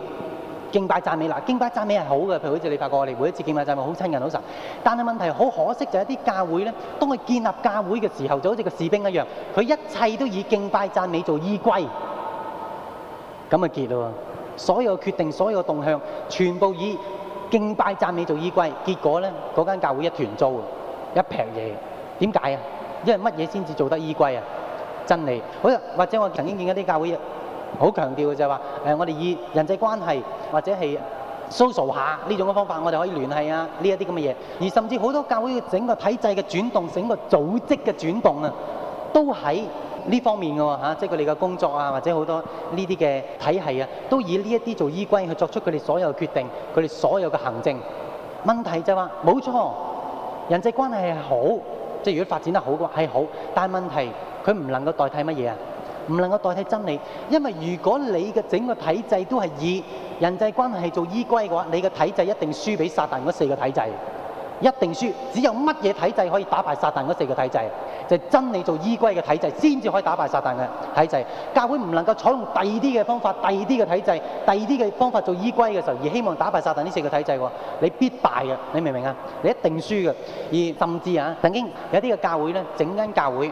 敬拜讚美嗱，敬拜讚美係好嘅，譬如好似你發覺，我哋每一次敬拜讚美好親近好神。但係問題好可惜，就係啲教會咧，當佢建立教會嘅時候，就好似個士兵一樣，佢一切都以敬拜讚美做依歸，咁咪結咯。所有決定、所有嘅動向，全部以敬拜讚美做依歸，結果咧，嗰間教會一團糟，一鑊嘢。點解啊？因為乜嘢先至做得依歸啊？真理。或者我曾經見過一啲教會。好強調嘅就係話，誒，我哋以人際關係或者係 social 下呢種嘅方法，我哋可以聯繫啊，呢一啲咁嘅嘢，而甚至好多教會整個體制嘅轉動，整個組織嘅轉動啊，都喺呢方面嘅喎嚇，即係佢哋嘅工作啊，或者好多呢啲嘅體系啊，都以呢一啲做依歸去作出佢哋所有嘅決定，佢哋所有嘅行政。問題就係話，冇錯，人際關係係好，即係如果發展得好嘅話係好，但係問題佢唔能夠代替乜嘢啊？唔能夠代替真理，因為如果你嘅整個體制都係以人際關係做依歸嘅話，你嘅體制一定輸俾撒旦嗰四個體制，一定輸。只有乜嘢體制可以打敗撒旦嗰四個體制？就係真理做依歸嘅體制先至可以打敗撒旦嘅體制。教會唔能夠採用第二啲嘅方法、第二啲嘅體制、第二啲嘅方法做依歸嘅時候，而希望打敗撒旦呢四個體制喎，你必敗嘅，你明唔明啊？你一定輸嘅。而甚至啊，曾經有啲嘅教會咧，整間教會。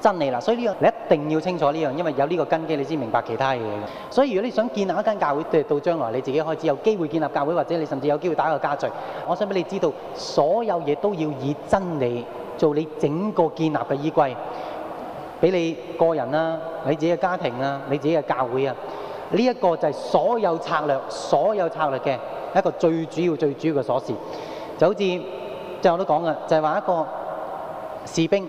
真理啦，所以呢樣你一定要清楚呢樣，因為有呢個根基，你先明白其他嘢嘅。所以如果你想建立一間教會，對到將來你自己開始有機會建立教會，或者你甚至有機會打一個家聚，我想俾你知道，所有嘢都要以真理做你整個建立嘅依歸，俾你個人啦，你自己嘅家庭啊，你自己嘅教會啊，呢一個就係所有策略，所有策略嘅一個最主要、最主要嘅鎖匙。就好似最後都講嘅，就係話一個士兵。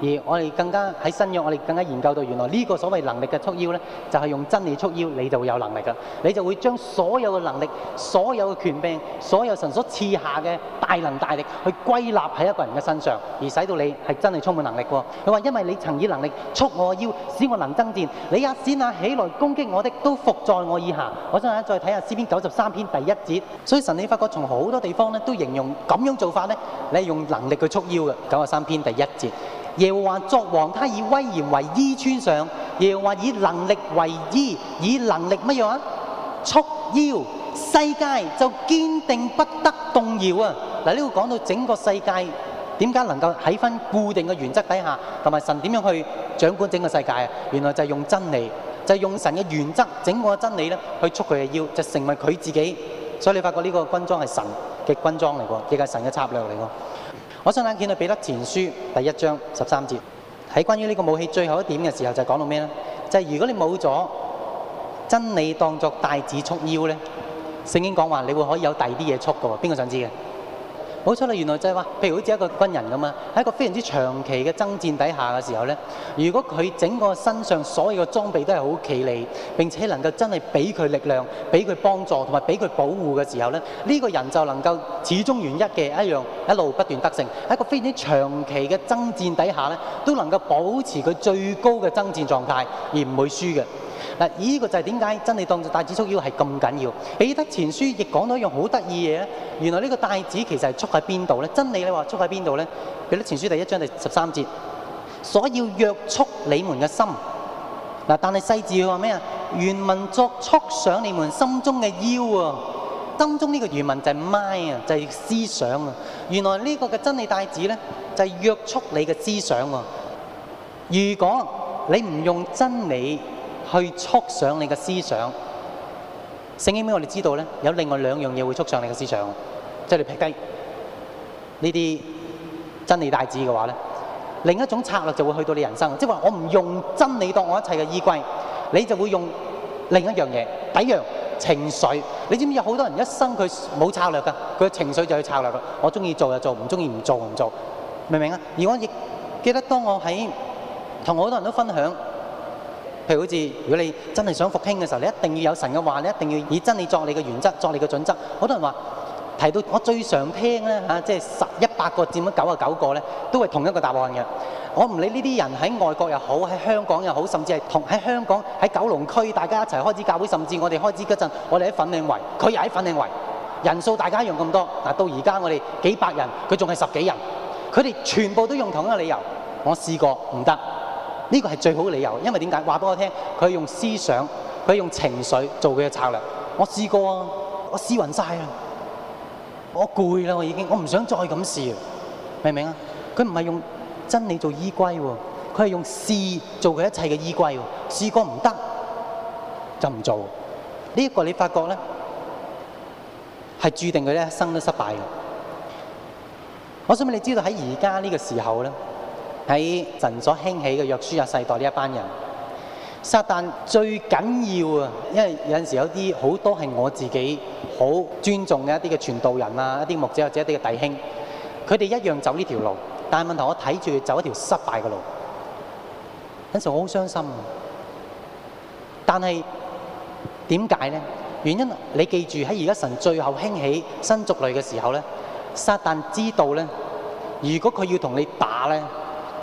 而我哋更加喺新約，我哋更加研究到原來呢個所謂能力嘅束腰咧，就係用真理束腰，你就會有能力㗎，你就會將所有嘅能力、所有嘅權柄、所有神所賜下嘅大能大力去歸納喺一個人嘅身上，而使到你係真係充滿能力。佢話：因為你曾以能力束我腰，使我能爭戰。你也使那起來攻擊我的都服在我以下。我想再睇下詩篇九十三篇第一節。所以神，你發覺從好多地方咧都形容咁樣做法咧，你係用能力去束腰嘅。九十三篇第一節。耶和華作王，他以威嚴為衣穿上；耶和華以能力為衣，以能力乜樣啊？束腰，世界就堅定不得動搖啊！嗱，呢個講到整個世界點解能夠喺翻固定嘅原則底下，同埋神點樣去掌管整個世界啊？原來就係用真理，就係、是、用神嘅原則，整個真理咧去束佢嘅腰，就成為佢自己。所以你發覺呢個軍裝係神嘅軍裝嚟嘅，亦係神嘅策略嚟嘅。我上眼見到彼得前書第一章十三節，喺關於呢個武器最後一點嘅時候，就是講到咩呢？就係、是、如果你冇咗真理當作帶子束腰呢，聖經講話你會可以有第二啲嘢束嘅喎。邊個想知嘅？冇錯啦，原來就係、是、話，譬如好似一個軍人咁啊，喺一個非常之長期嘅爭戰底下嘅時候咧，如果佢整個身上所有嘅裝備都係好犀利，並且能夠真係俾佢力量、俾佢幫助同埋俾佢保護嘅時候咧，呢、這個人就能夠始終如一嘅一樣，一路不斷得勝，喺一個非常之長期嘅爭戰底下咧，都能夠保持佢最高嘅爭戰狀態，而唔會輸嘅。嗱，依個就係點解真理當作帶子束腰係咁緊要？彼得前書亦講到一樣好得意嘅嘢，原來呢個帶子其實係束喺邊度咧？真理你話束喺邊度咧？彼得前書第一章第十三節，所要約束你們嘅心。嗱，但係細字佢話咩啊？原文作束上你們心中嘅腰啊，心中呢個原文就係 mind 啊，就係思想啊。原來呢個嘅真理帶子咧，就係約束你嘅思想啊。如果你唔用真理，去束上你嘅思想。聖經俾我哋知道咧，有另外兩樣嘢會束上你嘅思想，即係你撇低呢啲真理帶子嘅話咧，另一種策略就會去到你人生。即係話我唔用真理當我一切嘅依歸，你就會用另一樣嘢抵讓情緒。你知唔知有好多人一生佢冇策略噶，佢嘅情緒就去策略。我中意做就做，唔中意唔做唔做，明唔明啊？而我亦記得當我喺同好多人都分享。譬如好似如果你真係想復興嘅時候，你一定要有神嘅話，你一定要以真理作你嘅原則、作你嘅準則。好多人話提到我最常聽咧嚇，即係十一百個佔咗九啊九個咧，都係同一個答案嘅。我唔理呢啲人喺外國又好，喺香港又好，甚至係同喺香港喺九龍區大家一齊開始教會，甚至我哋開始嗰陣，我哋喺粉嶺圍，佢又喺粉嶺圍，人數大家一樣咁多。嗱，到而家我哋幾百人，佢仲係十幾人，佢哋全部都用同一個理由。我試過唔得。不行。呢、這個係最好嘅理由，因為點解？話俾我聽，佢係用思想，佢係用情緒做佢嘅策略。我試過啊，我試暈晒啊，我攰啦，我已經，我唔想再咁試，明唔明啊？佢唔係用真理做依歸喎，佢係用試做佢一切嘅依歸喎。試過唔得，就唔做。呢、這、一個你發覺咧，係注定佢咧一生都失敗嘅。我想俾你知道喺而家呢個時候咧？喺神所興起嘅約書亞世代呢一班人，撒但最緊要啊，因為有陣時有啲好多係我自己好尊重嘅一啲嘅傳道人啊，一啲牧者或者一啲嘅弟兄，佢哋一樣走呢條路，但係問題我睇住走一條失敗嘅路，有陣時我好傷心啊。但係點解咧？原因你記住喺而家神最後興起新族類嘅時候咧，撒但知道咧，如果佢要同你打咧。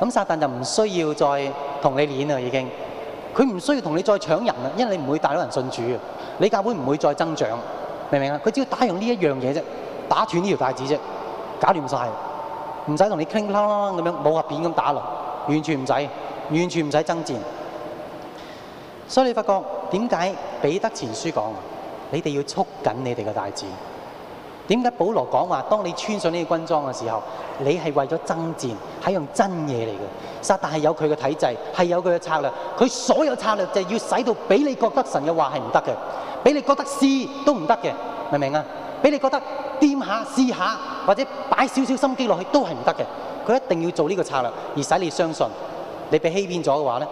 咁撒旦就唔需要再同你練啦，已經。佢唔需要同你再搶人啦，因為你唔會帶到人信主啊。你教會唔會再增長。明唔明啊？佢只要打用呢一樣嘢啫，打斷呢條帶子啫，搞亂晒，唔使同你傾啦啦咁樣，冇下扁咁打落，完全唔使，完全唔使爭戰。所以你發覺點解彼得前書講，你哋要束緊你哋嘅帶子。點解保羅講話，當你穿上呢個軍裝嘅時候，你係為咗爭戰，係用真嘢嚟嘅。撒但係有佢嘅體制，係有佢嘅策略，佢所有策略就係要使到俾你覺得神嘅話係唔得嘅，俾你覺得試都唔得嘅，明唔明啊？俾你覺得掂下試下，或者擺少少心機落去都係唔得嘅。佢一定要做呢個策略，而使你相信，你被欺騙咗嘅話咧，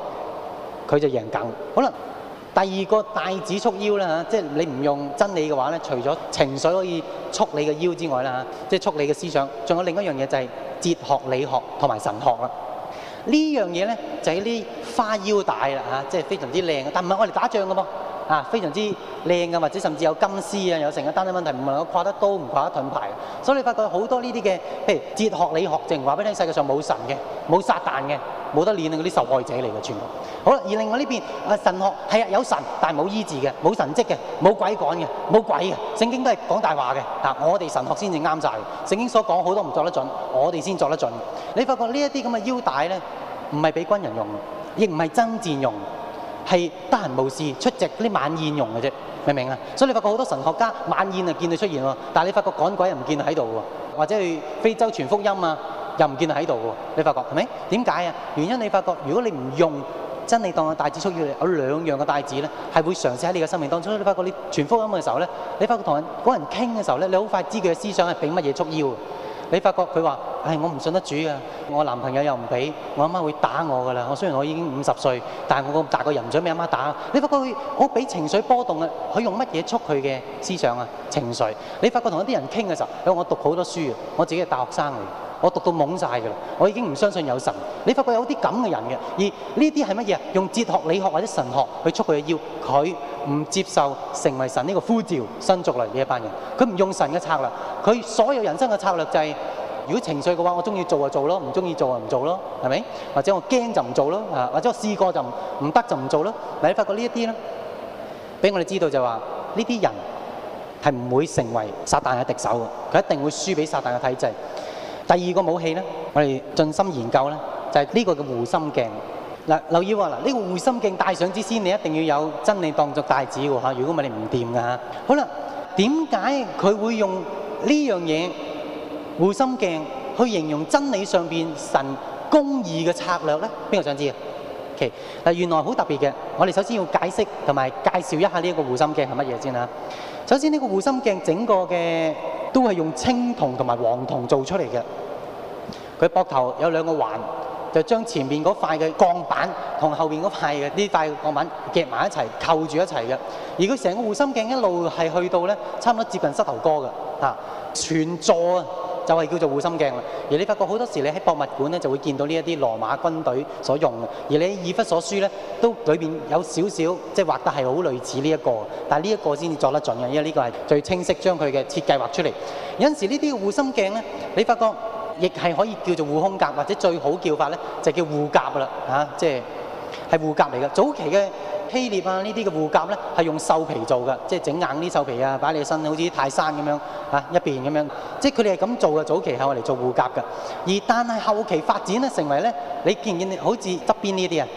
佢就贏緊。可能。第二個帶子束腰啦嚇，即係你唔用真理嘅話咧，除咗情緒可以束你嘅腰之外啦嚇，即係束你嘅思想，仲有另一樣嘢就係哲學、理學同埋神學啦。呢樣嘢咧就係啲花腰帶啦嚇，即係非常之靚，但唔係我哋打仗嘅噃。啊，非常之靚嘅，或者甚至有金絲啊，有成個單單問題，唔能夠跨得刀，唔跨得盾牌。所以你發覺好多呢啲嘅，譬如哲學、理學證，淨話俾你聽，世界上冇神嘅，冇撒旦嘅，冇得練啊嗰啲受害者嚟嘅，全部。好啦，而另外呢邊啊神學，係啊有神，但係冇醫治嘅，冇神蹟嘅，冇鬼趕嘅，冇鬼嘅。聖經都係講大話嘅，啊，我哋神學先至啱晒嘅。聖經所講好多唔做得準，我哋先做得準。你發覺呢一啲咁嘅腰帶咧，唔係俾軍人用，亦唔係征戰用。係得閒無事出席啲晚宴用嘅啫，明唔明啊？所以你發覺好多神學家晚宴啊，見你出現喎，但係你發覺趕鬼又唔見你喺度喎，或者去非洲傳福音啊，又唔見你喺度喎，你發覺係咪？點解啊？原因你發覺如果你唔用真理當嘅帶子束腰，有兩樣嘅帶子咧，係會嘗試喺你嘅生命當中。你發覺你傳福音嘅時候咧，你發覺同人嗰人傾嘅時候咧，你好快知佢嘅思想係畀乜嘢束腰。你發覺佢話：我唔信得主啊。我男朋友又唔俾我阿媽，媽會打我㗎喇，雖我雖然我已經五十歲，但我咁大個人唔想俾阿媽，媽打。你發覺會好俾情緒波動啊！佢用乜嘢觸佢嘅思想啊？情緒。你發覺同一啲人傾嘅時候，我讀好多書，我自己係大學生嚟。我讀到懵曬㗎啦！我已經唔相信有神。你發覺有啲咁嘅人嘅，而呢啲係乜嘢啊？用哲學、理學或者神學去觸佢嘅腰，佢唔接受成為神呢個呼召，新族嚟嘅一班人。佢唔用神嘅策略，佢所有人生嘅策略就係：如果情緒嘅話，我中意做就做咯，唔中意做就唔做咯，係咪？或者我驚就唔做咯，啊！或者我試過就唔得就唔做咯。嗱，你發覺呢一啲咧，俾我哋知道就話：呢啲人係唔會成為撒但嘅敵手㗎，佢一定會輸俾撒但嘅體制。第二個武器咧，我哋盡心研究咧，就係、是、呢個嘅護心鏡。嗱，留意喎、哦，嗱、這、呢個護心鏡戴上之先，你一定要有真理當作帶子喎嚇。如果唔係你唔掂噶嚇。好啦，點解佢會用呢樣嘢護心鏡去形容真理上邊神公義嘅策略咧？邊個想知啊？OK，嗱，原來好特別嘅。我哋首先要解釋同埋介紹一下呢一個護心鏡係乜嘢先啦。首先呢個護心鏡整個嘅都係用青銅同埋黃銅做出嚟嘅。佢膊頭有兩個環，就將前面嗰塊嘅鋼板同後面嗰塊嘅呢塊鋼板夾埋一齊，扣住一齊嘅。而佢成個護心鏡一路係去到咧，差唔多接近膝頭哥噶嚇。全座啊，就係叫做護心鏡啦。而你發覺好多時，你喺博物館咧就會見到呢一啲羅馬軍隊所用嘅。而你以弗所書咧，都裏邊有少少即係畫得係好類似呢一個，但係呢一個先至作得準，因為呢個係最清晰將佢嘅設計畫出嚟。有陣時呢啲護心鏡咧，你發覺。亦係可以叫做護胸甲，或者最好叫法咧，就叫護甲啦嚇、啊，即係係護甲嚟噶。早期嘅希臘啊，呢啲嘅護甲咧係用獸皮做噶，即係整硬啲獸皮啊，擺你個身好似泰山咁樣嚇、啊、一邊咁樣。即係佢哋係咁做嘅，早期係我嚟做護甲嘅。而但係後期發展咧，成為咧，你見唔見你好似側邊呢啲啊？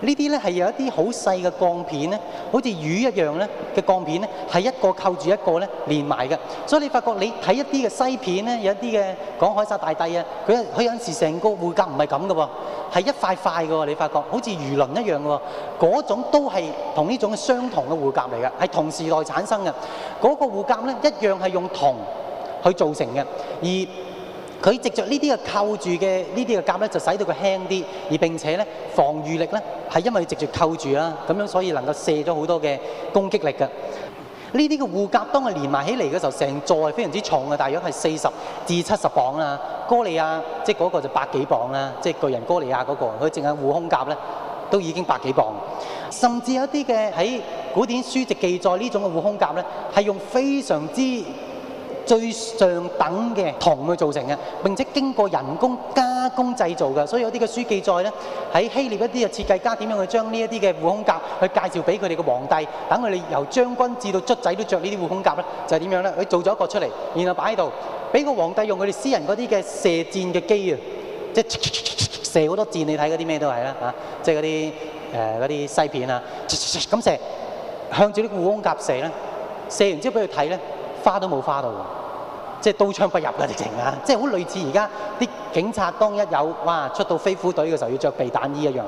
呢啲咧係有一啲好細嘅鋼片咧，好似魚一樣咧嘅鋼片咧，係一個扣住一個咧連埋嘅。所以你發覺你睇一啲嘅西片咧，有一啲嘅講凱撒大帝啊，佢佢有陣時成個護甲唔係咁嘅喎，係一塊塊嘅喎，你發覺好似魚鱗一樣嘅喎，嗰種都係同呢種相同嘅護甲嚟嘅，係同時代產生嘅。嗰個護甲咧一樣係用銅去造成嘅，而佢直著呢啲嘅扣住嘅呢啲嘅甲咧，就使到佢輕啲，而並且咧防禦力咧係因為佢直接扣住啦，咁樣，所以能夠卸咗好多嘅攻擊力㗎。呢啲嘅護甲當佢連埋起嚟嘅時候，成座係非常之重嘅，大約係四十至七十磅啦。哥利亞即係嗰個就百幾磅啦，即係巨人哥利亞嗰個，佢淨係護胸甲咧都已經百幾磅，甚至有啲嘅喺古典書籍記載呢種嘅護胸甲咧係用非常之最上等嘅銅去造成嘅，並且經過人工加工製造嘅，所以有啲嘅書記載咧，喺希臘一啲嘅設計家點樣去將呢一啲嘅護胸甲去介紹俾佢哋嘅皇帝，等佢哋由將軍至到卒仔都着呢啲護胸甲咧，就係點樣咧？佢做咗一個出嚟，然後擺喺度，俾個皇帝用佢哋私人嗰啲嘅射箭嘅機啊，即係射好多箭，你睇嗰啲咩都係啦嚇，即係嗰啲誒嗰啲西片啊，咁射向住啲護胸甲射咧，射完之後俾佢睇咧。花都冇花到，即係刀槍不入嘅直情啊！即係好類似而家啲警察當一有哇出到飛虎隊嘅時候要着避彈衣一樣，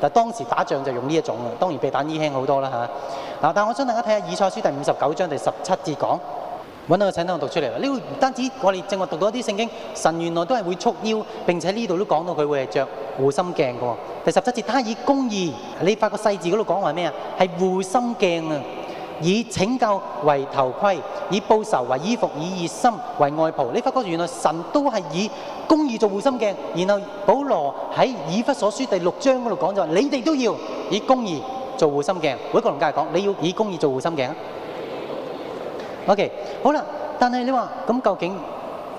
但係當時打仗就用呢一種啊。當然避彈衣輕好多啦嚇。嗱、啊，但我想大家睇下《以賽書》第五十九章第十七節講，揾到個請等我讀出嚟啦。呢個唔單止我哋正話讀到一啲聖經，神原來都係會束腰，並且呢度都講到佢會係着護心鏡嘅。第十七節，他以公義，你發個細字嗰度講話咩啊？係護心鏡啊！以拯救為頭盔，以報仇為衣服，以熱心為外袍。你發覺原來神都係以公義做護心鏡。然後保羅喺以弗所書第六章嗰度講咗，你哋都要以公義做護心鏡。每一個堂屆講，你要以公義做護心鏡。OK，好啦，但係你話咁究竟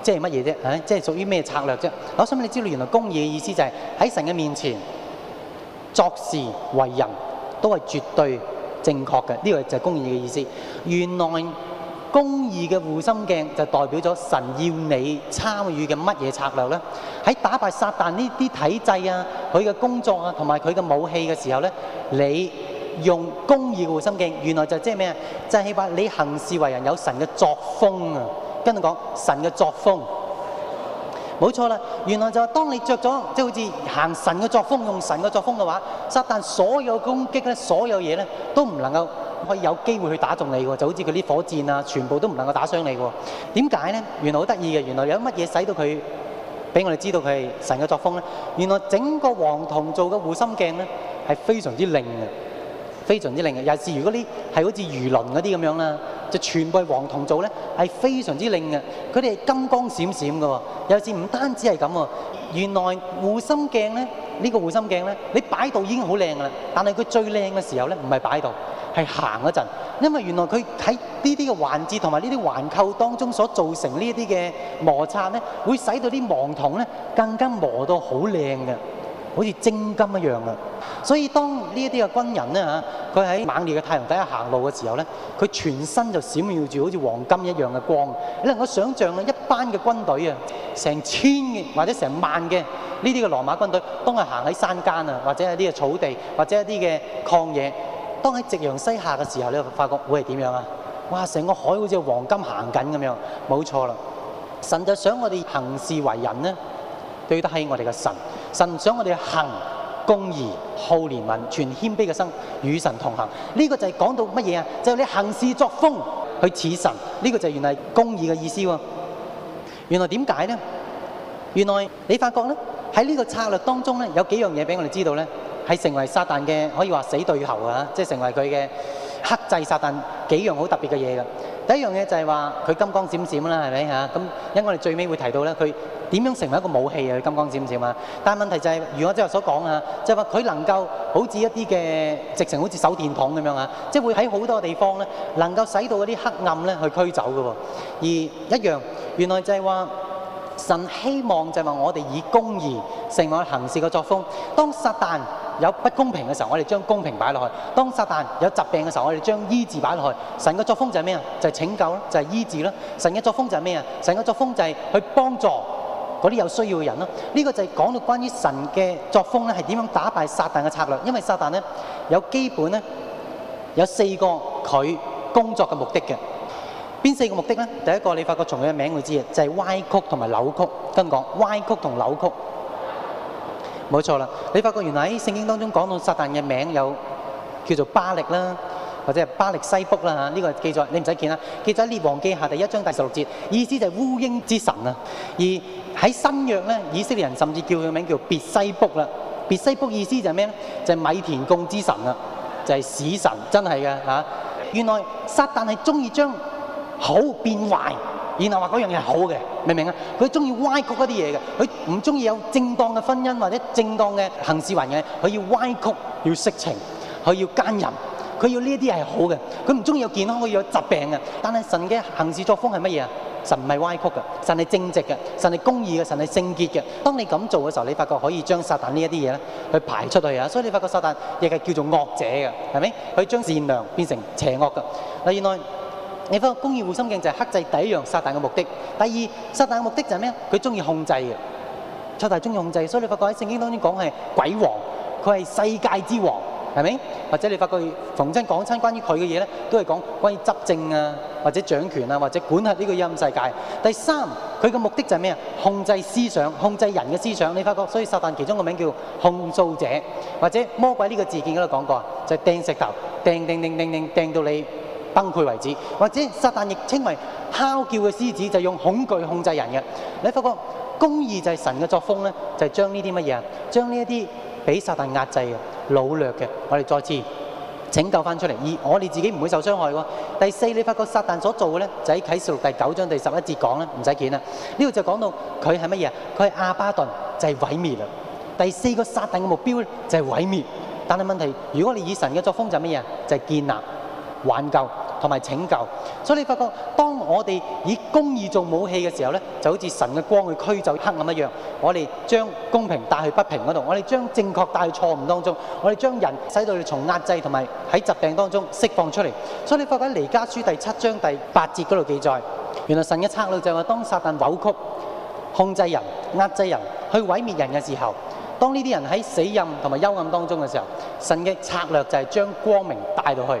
即係乜嘢啫？嚇，即係屬於咩策略啫？我想問你知道原來公義嘅意思就係喺神嘅面前作事為人都係絕對。正確嘅，呢個就係公義嘅意思。原來公義嘅護心鏡就代表咗神要你參與嘅乜嘢策略咧？喺打敗撒旦呢啲體制啊，佢嘅工作啊，同埋佢嘅武器嘅時候咧，你用公義嘅護心鏡，原來就即係咩啊？就係話你行事為人有神嘅作風啊！跟住講神嘅作風。冇錯啦，原來就係當你著咗即係好似行神嘅作風，用神嘅作風嘅話，撒但所有攻擊咧，所有嘢咧都唔能夠可以有機會去打中你喎，就好似佢啲火箭啊，全部都唔能夠打傷你喎。點解咧？原來好得意嘅，原來有乜嘢使到佢俾我哋知道佢係神嘅作風咧？原來整個黃銅做嘅護心鏡咧係非常之靚嘅。非常之靚嘅，尤其是如果啲係好似魚鱗嗰啲咁樣啦，就全部係黃銅做咧，係非常之靚嘅。佢哋係金光閃閃嘅，尤其是唔單止係咁喎。原來護心鏡咧，呢個護心鏡咧，你擺度已經好靚嘅啦，但係佢最靚嘅時候咧，唔係擺度，係行嗰陣，因為原來佢喺呢啲嘅環節同埋呢啲環扣當中所造成的呢一啲嘅摩擦咧，會使到啲黃銅咧更加磨到好靚嘅。好似精金一樣嘅，所以當呢一啲嘅軍人咧嚇，佢喺猛烈嘅太陽底下行路嘅時候咧，佢全身就閃耀住好似黃金一樣嘅光。你能夠想像啊，一班嘅軍隊啊，成千嘅或者成萬嘅呢啲嘅羅馬軍隊，當係行喺山間啊，或者係啲嘅草地，或者一啲嘅曠野，當喺夕陽西下嘅時候，你會發覺會係點樣啊？哇！成個海好似黃金行緊咁樣，冇錯啦。神就想我哋行事為人咧。對得起我哋嘅神，神想我哋行公義、好憐憫、全謙卑嘅心，與神同行。呢個就係講到乜嘢啊？就係你行事作風去似神。呢個就係原來公義嘅意思。原來點解呢？原來你發覺呢？喺呢個策略當中呢，有幾樣嘢俾我哋知道呢，係成為撒旦嘅可以話死對頭啊！即係成為佢嘅克制撒旦幾樣好特別嘅嘢噶。第一樣嘢就係話佢金光閃閃啦，係咪嚇？咁因為我哋最尾會提到咧，佢點樣成為一個武器啊？佢金光閃閃啊！但係問題就係，如我之後所講啊，就係話佢能夠好似一啲嘅直情好似手電筒咁樣啊，即係會喺好多地方咧，能夠使到嗰啲黑暗咧去驅走㗎喎。而一樣原來就係話。神希望就係話我哋以公義成為行事嘅作風。當撒旦有不公平嘅時候，我哋將公平擺落去；當撒旦有疾病嘅時候，我哋將醫治擺落去。神嘅作風就係咩啊？就係拯救咯，就係醫治咯。神嘅作風就係咩啊？神嘅作風就係去幫助嗰啲有需要嘅人咯。呢個就係講到關於神嘅作風咧，係點樣打敗撒旦嘅策略？因為撒旦咧有基本咧有四個佢工作嘅目的嘅。邊四個目的咧？第一個你發覺從佢嘅名，會知啊，就係歪曲同埋扭曲。跟住講歪曲同扭曲，冇錯啦。你發覺原來喺聖經當中講到撒旦嘅名有叫做巴力啦，或者係巴力西卜啦嚇。呢、啊這個記載你唔使見啦。記載喺列王記下第一章第十六節，意思就係烏蠅之神啊。而喺新約咧，以色列人甚至叫佢名叫別西卜啦。別西卜意思就係咩咧？就係、是、米田共之神啦，就係、是、使神，真係嘅嚇。原來撒旦係中意將好變壞，然後話嗰樣嘢係好嘅，明唔明啊？佢中意歪曲一啲嘢嘅，佢唔中意有正當嘅婚姻或者正當嘅行事環境，佢要歪曲，要色情，佢要奸淫，佢要呢一啲係好嘅，佢唔中意有健康，佢要有疾病嘅。但係神嘅行事作風係乜嘢啊？神唔係歪曲嘅，神係正直嘅，神係公義嘅，神係聖潔嘅。當你咁做嘅時候，你發覺可以將撒旦呢一啲嘢咧，去排出去啊！所以你發覺撒旦亦係叫做惡者嘅，係咪？佢將善良變成邪惡嘅。嗱，原來。你發覺公義護心鏡就係克制第一樣撒旦嘅目的。第二，撒旦嘅目的就係咩？佢中意控制嘅，撒旦中意控制。所以你發覺喺聖經當中講係鬼王，佢係世界之王，係咪？或者你發覺，逢親講親關於佢嘅嘢咧，都係講關於執政啊，或者掌權啊，或者管轄呢個陰世界。第三，佢嘅目的就係咩啊？控制思想，控制人嘅思想。你發覺，所以撒旦其中個名叫控訴者，或者魔鬼呢個字典嗰度講過，就係掟石頭，掟掟掟掟掟到你崩潰為止，或者撒旦亦稱為哮叫嘅獅子，就係用恐懼控制人嘅。你發覺公義就係神嘅作風咧，就係將呢啲乜嘢啊，將呢一啲俾撒旦壓制嘅、老弱嘅，我哋再次拯救翻出嚟，而我哋自己唔會受傷害嘅。第四，你發覺撒旦所做嘅咧，就喺啟示錄第九章第十一節講咧，唔使見啦。呢度就講到佢係乜嘢，佢係亞巴頓，就係毀滅。第四個撒旦嘅目標就係毀滅，但係問題，如果你以神嘅作風就係乜嘢啊？就係建立。挽救同埋拯救，所以你發覺當我哋以公義做武器嘅時候咧，就好似神嘅光去驅走黑暗一樣。我哋將公平帶去不平嗰度，我哋將正確帶去錯誤當中，我哋將人使到你從壓制同埋喺疾病當中釋放出嚟。所以你發覺喺《彌迦書》第七章第八節嗰度記載，原來神嘅策略就係當撒旦扭曲、控制人、壓制人，去毀滅人嘅時候，當呢啲人喺死蔭同埋幽暗當中嘅時候，神嘅策略就係將光明帶到去。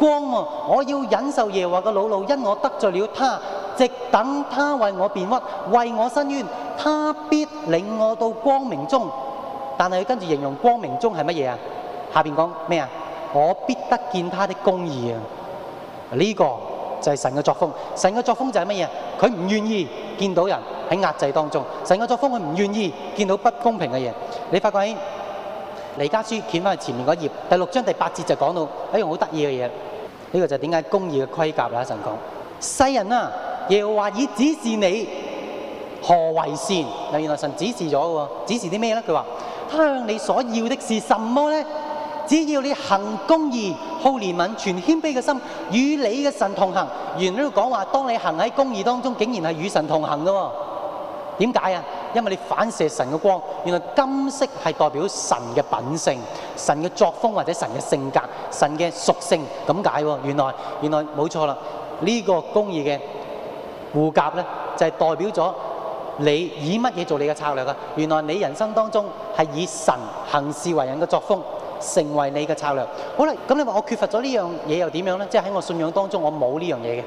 光喎，我要忍受耶和華嘅惱怒，因我得罪了他，直等他為我辨屈，為我伸冤，他必領我到光明中。但係佢跟住形容光明中係乜嘢啊？下邊講咩啊？我必得見他的公義啊！呢個就係神嘅作風。神嘅作風就係乜嘢？佢唔願意見到人喺壓制當中。神嘅作風佢唔願意見到不公平嘅嘢。你發覺喺《彌迦書》揭翻去前面嗰頁，第六章第八節就講到一樣好得意嘅嘢。呢、這個就係點解公義嘅規格、啊。啦！神講世人啊，耶和華已指示你何為善。原來神指示咗喎，指示啲咩呢？佢話：他向你所要的是什麼呢？只要你行公義、好憐憫、存謙卑嘅心，與你嘅神同行。原來講話，當你行喺公義當中，竟然係與神同行嘅喎、啊。點解啊？因為你反射神嘅光，原來金色係代表神嘅品性、神嘅作風或者神嘅性格、神嘅屬性咁解喎。原來原來冇錯啦，呢個公義嘅護甲呢，就係代表咗你以乜嘢做你嘅策略啊？原來你人生當中係以神行事為人嘅作風成為你嘅策略。好啦，咁你話我缺乏咗呢樣嘢又點樣呢？即係喺我信仰當中我冇呢樣嘢嘅，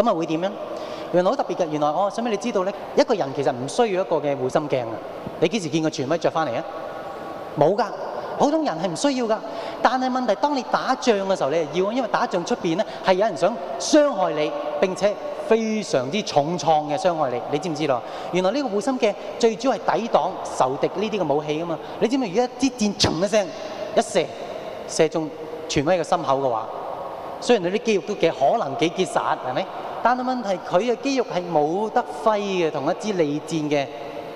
咁啊會點樣？原來好特別嘅，原來哦，我想俾你知道咧，一個人其實唔需要一個嘅護心鏡啊！你幾時見過傳威著翻嚟啊？冇噶，普通人係唔需要噶。但係問題，當你打仗嘅時候，你係要，因為打仗出邊咧，係有人想傷害你，並且非常之重創嘅傷害你。你知唔知道？原來呢個護心鏡最主要係抵擋仇敵呢啲嘅武器啊嘛！你知唔知？如果一支箭噌一聲一射射中傳威嘅心口嘅話，雖然你啲肌肉都幾可能幾結實，係咪？但係問題，佢嘅肌肉係冇得揮嘅，同一支利箭嘅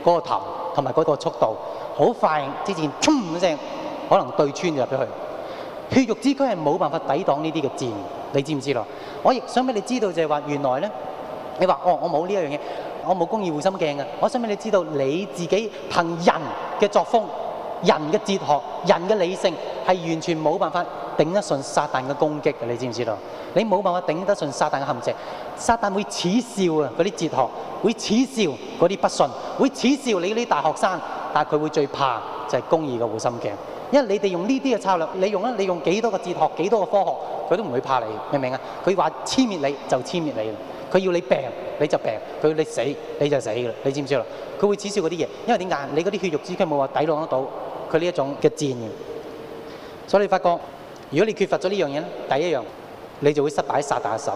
嗰個頭同埋嗰個速度，好快！支箭，衝嗰聲，可能對穿咗入咗去。血肉之軀係冇辦法抵擋呢啲嘅箭，你知唔知咯？我亦想俾你知道就係話，原來咧，你話哦，我冇呢一樣嘢，我冇公義護心鏡嘅。我想俾你知道，你自己憑人嘅作風。人嘅哲學、人嘅理性係完全冇辦法頂得順撒旦嘅攻擊嘅，你知唔知道？你冇辦法頂得順撒旦嘅陷阱，撒旦會恥笑啊！嗰啲哲學會恥笑嗰啲不信，會恥笑你呢啲大學生。但係佢會最怕就係公義嘅護心鏡，因為你哋用呢啲嘅策略，你用啊，你用幾多個哲學、幾多個科學，佢都唔會怕你，明唔明啊？佢話殲滅你就殲滅你。佢要你病你就病，佢要你死你就死嘅啦，你知唔知啊？佢會恥笑嗰啲嘢，因為點解？你嗰啲血肉之軀冇話抵擋得到佢呢一種嘅戰嘅。所以你發覺，如果你缺乏咗呢樣嘢咧，第一樣你就會失敗喺殺大手；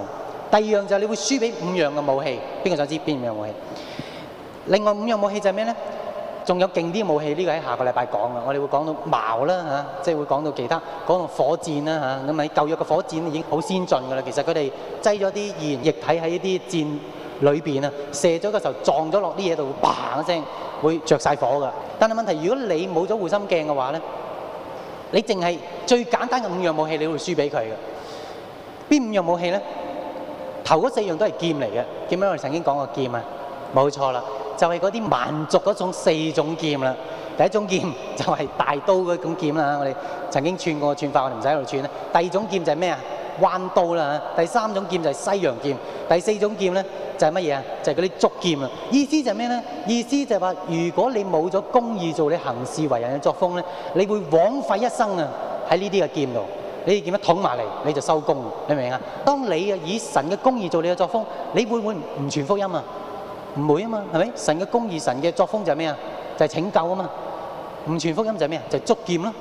第二樣就係你會輸俾五樣嘅武器。邊個想知邊五樣武器？另外五樣武器就係咩咧？仲有勁啲武器，呢個喺下個禮拜講啦。我哋會講到矛啦嚇，即係會講到其他，講到火箭啦嚇。咁喺舊約嘅火箭已經好先進噶啦。其實佢哋擠咗啲燃液體喺啲箭裏邊啊，射咗嘅時候撞咗落啲嘢度，會 bang 一聲，會着曬火噶。但係問題，如果你冇咗護心鏡嘅話咧，你淨係最簡單嘅五樣武器，你會輸俾佢嘅。邊五樣武器咧？頭嗰四樣都係劍嚟嘅，記得？我哋曾經講過劍啊，冇錯啦。就係嗰啲蠻族嗰種四種劍啦，第一種劍就係大刀嗰種劍啦，我哋曾經串過串法，我哋唔使喺度串啦。第二種劍就係咩啊？彎刀啦。第三種劍就係西洋劍。第四種劍咧就係乜嘢啊？就係嗰啲竹劍啦。意思就係咩咧？意思就係話，如果你冇咗公義做你行事為人嘅作風咧，你會枉費一生啊！喺呢啲嘅劍度，你嘅劍一捅埋嚟，你就收工。你明唔明啊？當你啊以神嘅公義做你嘅作風，你會唔會唔傳福音啊？唔會啊嘛，係咪？神嘅公義，神嘅作風就係咩啊？就係拯救啊嘛。唔傳福音就係咩啊？就係捉劍啦。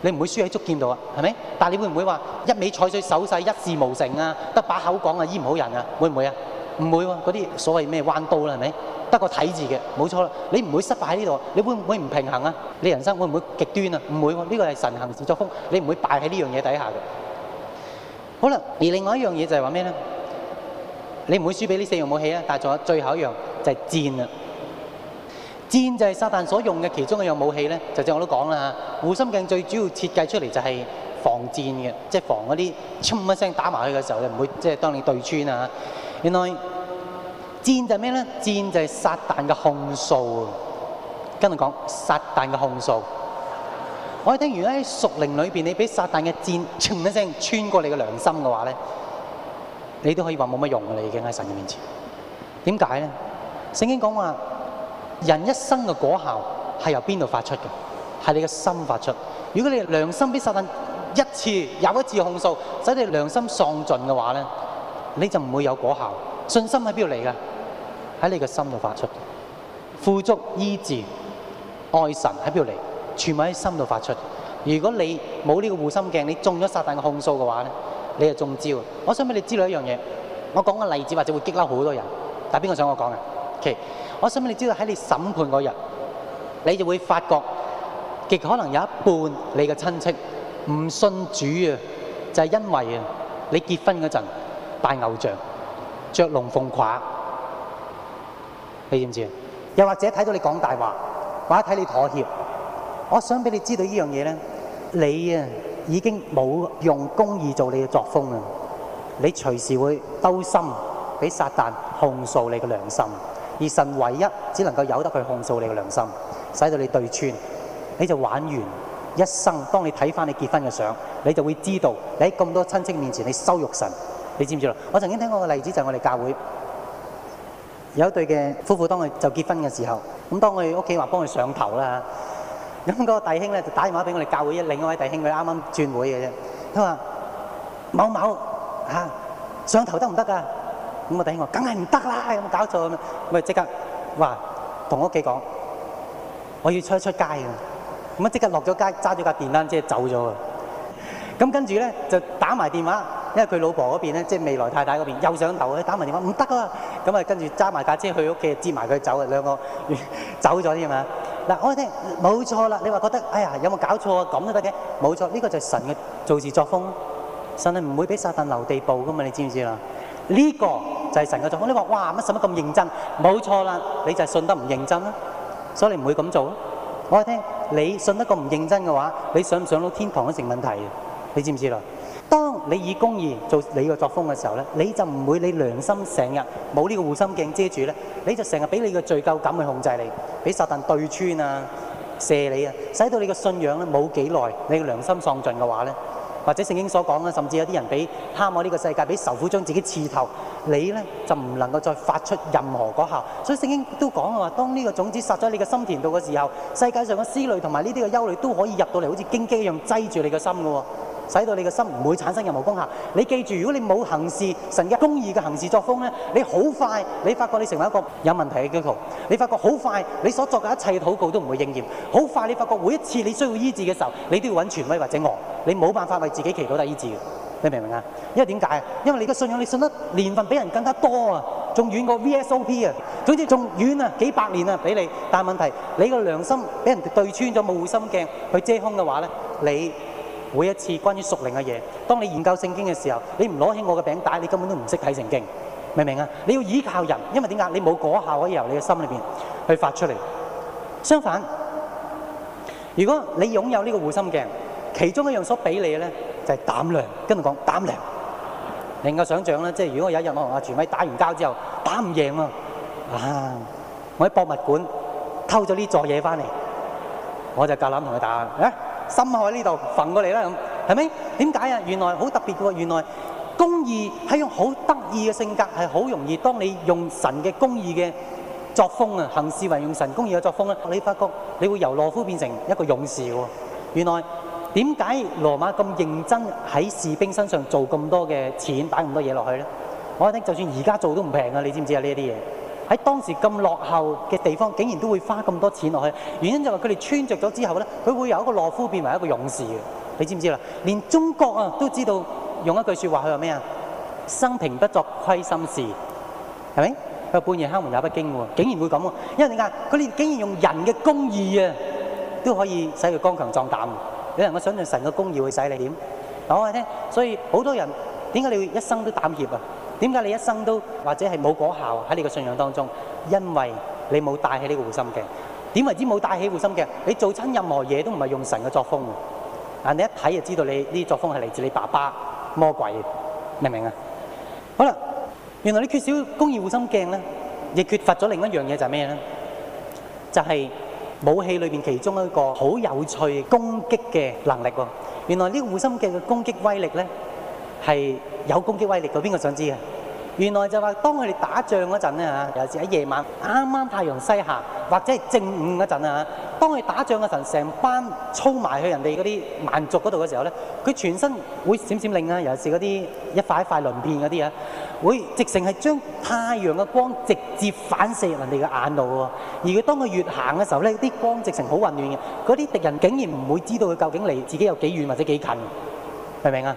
你唔會輸喺捉劍度啊，係咪？但係你會唔會話一味採取手勢一事無成啊？得把口講啊，醫唔好人啊？會唔會啊？唔會喎。嗰啲所謂咩彎刀啦，係咪？得個睇字嘅，冇錯啦。你唔會失敗喺呢度，你會唔會唔平衡啊？你人生會唔會極端啊？唔會喎。呢個係神行事作風，你唔會敗喺呢樣嘢底下嘅。好啦，而另外一樣嘢就係話咩咧？你唔會輸俾呢四樣武器啊！但係仲有最後一樣就係、是、箭啦。箭就係撒旦所用嘅其中一樣武器咧，就正如我都講啦嚇。護心鏡最主要設計出嚟就係防箭嘅，即係防嗰啲衝一聲打埋去嘅時候，你唔會即係當你對穿啊。原來箭就係咩咧？箭就係撒旦嘅控訴啊！跟住講撒旦嘅控訴。我哋聽完喺屬靈裏邊，你俾撒旦嘅箭衝一聲穿過你嘅良心嘅話咧。你都可以話冇乜用嘅，你已經喺神嘅面前。點解咧？聖經講，話人一生嘅果效係由邊度發出嘅？係你嘅心發出。如果你良心俾撒旦一次又一次控訴，使你良心喪盡嘅話咧，你就唔會有果效。信心喺邊度嚟嘅？喺你嘅心度發出的。富足、醫治、愛神喺邊度嚟？全部喺心度發出。如果你冇呢個護心鏡，你中咗撒旦嘅控訴嘅話咧？你就中招！我想俾你知道一樣嘢，我講個例子或者會激嬲好多人，但係邊個想我講嘅？其、okay，我想俾你知道喺你審判嗰日，你就會發覺極可能有一半你嘅親戚唔信主啊，就係、是、因為啊你結婚嗰陣拜偶像、着龍鳳褂，你知唔知？又或者睇到你講大話，或者睇你妥協，我想俾你知道呢樣嘢咧，你啊！已經冇用公義做你嘅作風啦！你隨時會兜心俾撒旦控訴你嘅良心，而神唯一只能夠由得佢控訴你嘅良心，使到你對穿，你就玩完一生。當你睇返你結婚嘅相，你就會知道你喺咁多親戚面前你羞辱神。你知唔知道？我曾經聽過個例子就係我哋教會有一對嘅夫婦，當佢就結婚嘅時候，咁當佢屋企話幫佢上頭啦。咁、那、嗰個弟兄咧就打電話俾我哋教會嘅另外一位弟兄，佢啱啱轉會嘅啫。佢話某某嚇、啊、上頭得唔得㗎？咁個弟兄話：梗係唔得啦！有冇搞錯咁。咁咪，即刻話同屋企講，我要出一出街啊！咁啊，即刻落咗街，揸咗架電單車、就是、走咗啊！咁跟住咧就打埋電話，因為佢老婆嗰邊咧，即、就、係、是、未來太太嗰邊又想上頭，佢打埋電話唔得啊！咁啊，跟住揸埋架車去屋企接埋佢走啊，兩個 走咗啫嘛。嗱，我哋聽，冇錯啦！你話覺得，哎呀，有冇搞錯啊？咁都得嘅，冇錯，呢個就係神嘅做事作風。神係唔會俾撒但留地步噶嘛，你知唔知啊？呢個就係神嘅作風。你話哇，乜什麼咁認真？冇錯啦，你就係信得唔認真啦，所以你唔會咁做咯。我哋聽，你信得咁唔認真嘅話，你上唔上到天堂都成問題，你知唔知啦？當你以公義做你嘅作風嘅時候咧，你就唔會你良心成日冇呢個護心鏡遮住咧，你就成日俾你嘅罪疚感去控制你，俾撒旦對穿啊，射你啊，使到你嘅信仰咧冇幾耐，你嘅良心喪盡嘅話咧，或者聖經所講咧，甚至有啲人俾貪我呢個世界，俾愁苦將自己刺透，你咧就唔能夠再發出任何果效。所以聖經都講啊，當呢個種子撒咗你嘅心田度嘅時候，世界上嘅思慮同埋呢啲嘅憂慮都可以入到嚟，好似荊棘一樣擠住你嘅心嘅喎。使到你嘅心唔會產生任何功效。你記住，如果你冇行事神嘅公義嘅行事作風咧，你好快你發覺你成為一個有問題嘅基督徒。你發覺好快，你所作嘅一切禱告都唔會應驗。好快你發覺每一次你需要醫治嘅時候，你都要揾權威或者我，你冇辦法為自己祈禱得醫治嘅。你明唔明啊？因為點解啊？因為你嘅信仰你信得年份比人更加多啊，仲遠過 V S O P 啊。總之仲遠啊，幾百年啊，俾你。但係問題，你嘅良心俾人對穿咗，冇護心鏡去遮空嘅話咧，你。每一次關於屬靈嘅嘢，當你研究聖經嘅時候，你唔攞起我嘅餅帶，你根本都唔識睇聖經，明唔明啊？你要依靠人，因為點解？你冇果效可以由你嘅心裏邊去發出嚟。相反，如果你擁有呢個護心鏡，其中一樣所俾你嘅咧，就係、是、膽量。跟住講膽量，能夠想像咧，即係如果有一日我同阿全偉打完交之後，打唔贏啊，啊我喺博物館偷咗呢座嘢翻嚟，我就夠膽同佢打啊！心口喺呢度，焚過嚟啦，咁係咪？點解啊？原來好特別嘅喎，原來公義係用好得意嘅性格，係好容易。當你用神嘅公義嘅作風啊，行事為用神公義嘅作風咧，你發覺你會由懦夫變成一個勇士喎。原來點解羅馬咁認真喺士兵身上做咁多嘅錢，擺咁多嘢落去咧？我覺得就算而家做都唔平啊，你知唔知啊？呢一啲嘢？喺當時咁落後嘅地方，竟然都會花咁多錢落去，原因就係佢哋穿着咗之後咧，佢會由一個懦夫變為一個勇士嘅。你知唔知啦？連中國啊都知道用一句説話佢話咩啊？生平不作虧心事，係咪？佢半夜敲門也不驚喎，竟然會咁喎。因為點解？佢哋竟然用人嘅公義啊，都可以使佢剛強壯膽嘅。有人能夠想像神嘅公義會使你點？我話你聽，所以好多人點解你會一生都膽怯啊？點解你一生都或者係冇果效喺你嘅信仰當中？因為你冇帶起呢個護心鏡。點為之冇帶起護心鏡？你做親任何嘢都唔係用神嘅作風。啊，你一睇就知道你呢啲作風係嚟自你爸爸魔鬼，明唔明啊？好啦，原來你缺少公義護心鏡咧，亦缺乏咗另一樣嘢就係咩咧？就係武器裏邊其中一個好有趣攻擊嘅能力喎。原來呢個護心鏡嘅攻擊威力咧～係有攻擊威力嘅，邊個想知啊？原來就話當佢哋打仗嗰陣咧嚇，尤其是喺夜晚啱啱太陽西下，或者係正午嗰陣啊，當佢打仗嘅時候，成班操埋去人哋嗰啲蠻族嗰度嘅時候咧，佢全身會閃閃令啦，尤其是嗰啲一塊一塊鱗片嗰啲啊，會直成係將太陽嘅光直接反射人哋嘅眼度喎。而佢當佢越行嘅時候咧，啲光直成好混亂嘅，嗰啲敵人竟然唔會知道佢究竟離自己有幾遠或者幾近，明唔明啊？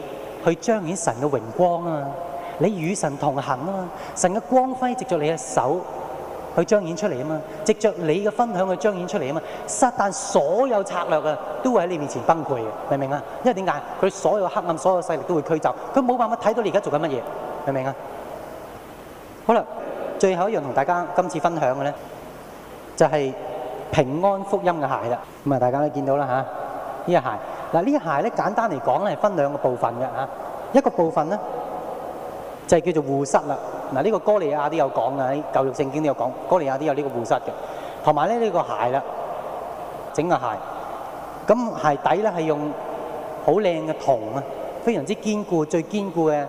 去彰顯神嘅榮光啊！你與神同行啊！嘛，神嘅光輝藉著你嘅手去彰顯出嚟啊！嘛，藉著你嘅分享去彰顯出嚟啊！嘛，撒但所有策略啊，都會喺你面前崩潰嘅，明唔明啊？因為點解？佢所有黑暗、所有勢力都會驅走，佢冇辦法睇到你而家做緊乜嘢，明唔明啊？好啦，最後一樣同大家今次分享嘅咧，就係平安福音嘅鞋啦。咁啊，大家都見到啦嚇，呢個鞋。嗱，呢鞋咧簡單嚟講咧係分兩個部分嘅嚇，一個部分咧就係叫做護膝啦。嗱，呢個哥利亞都有講嘅，喺舊約聖經都有講，哥利亞都有呢個護膝嘅，同埋咧呢個鞋啦，整個鞋，咁鞋底咧係用好靚嘅銅啊，非常之堅固，最堅固嘅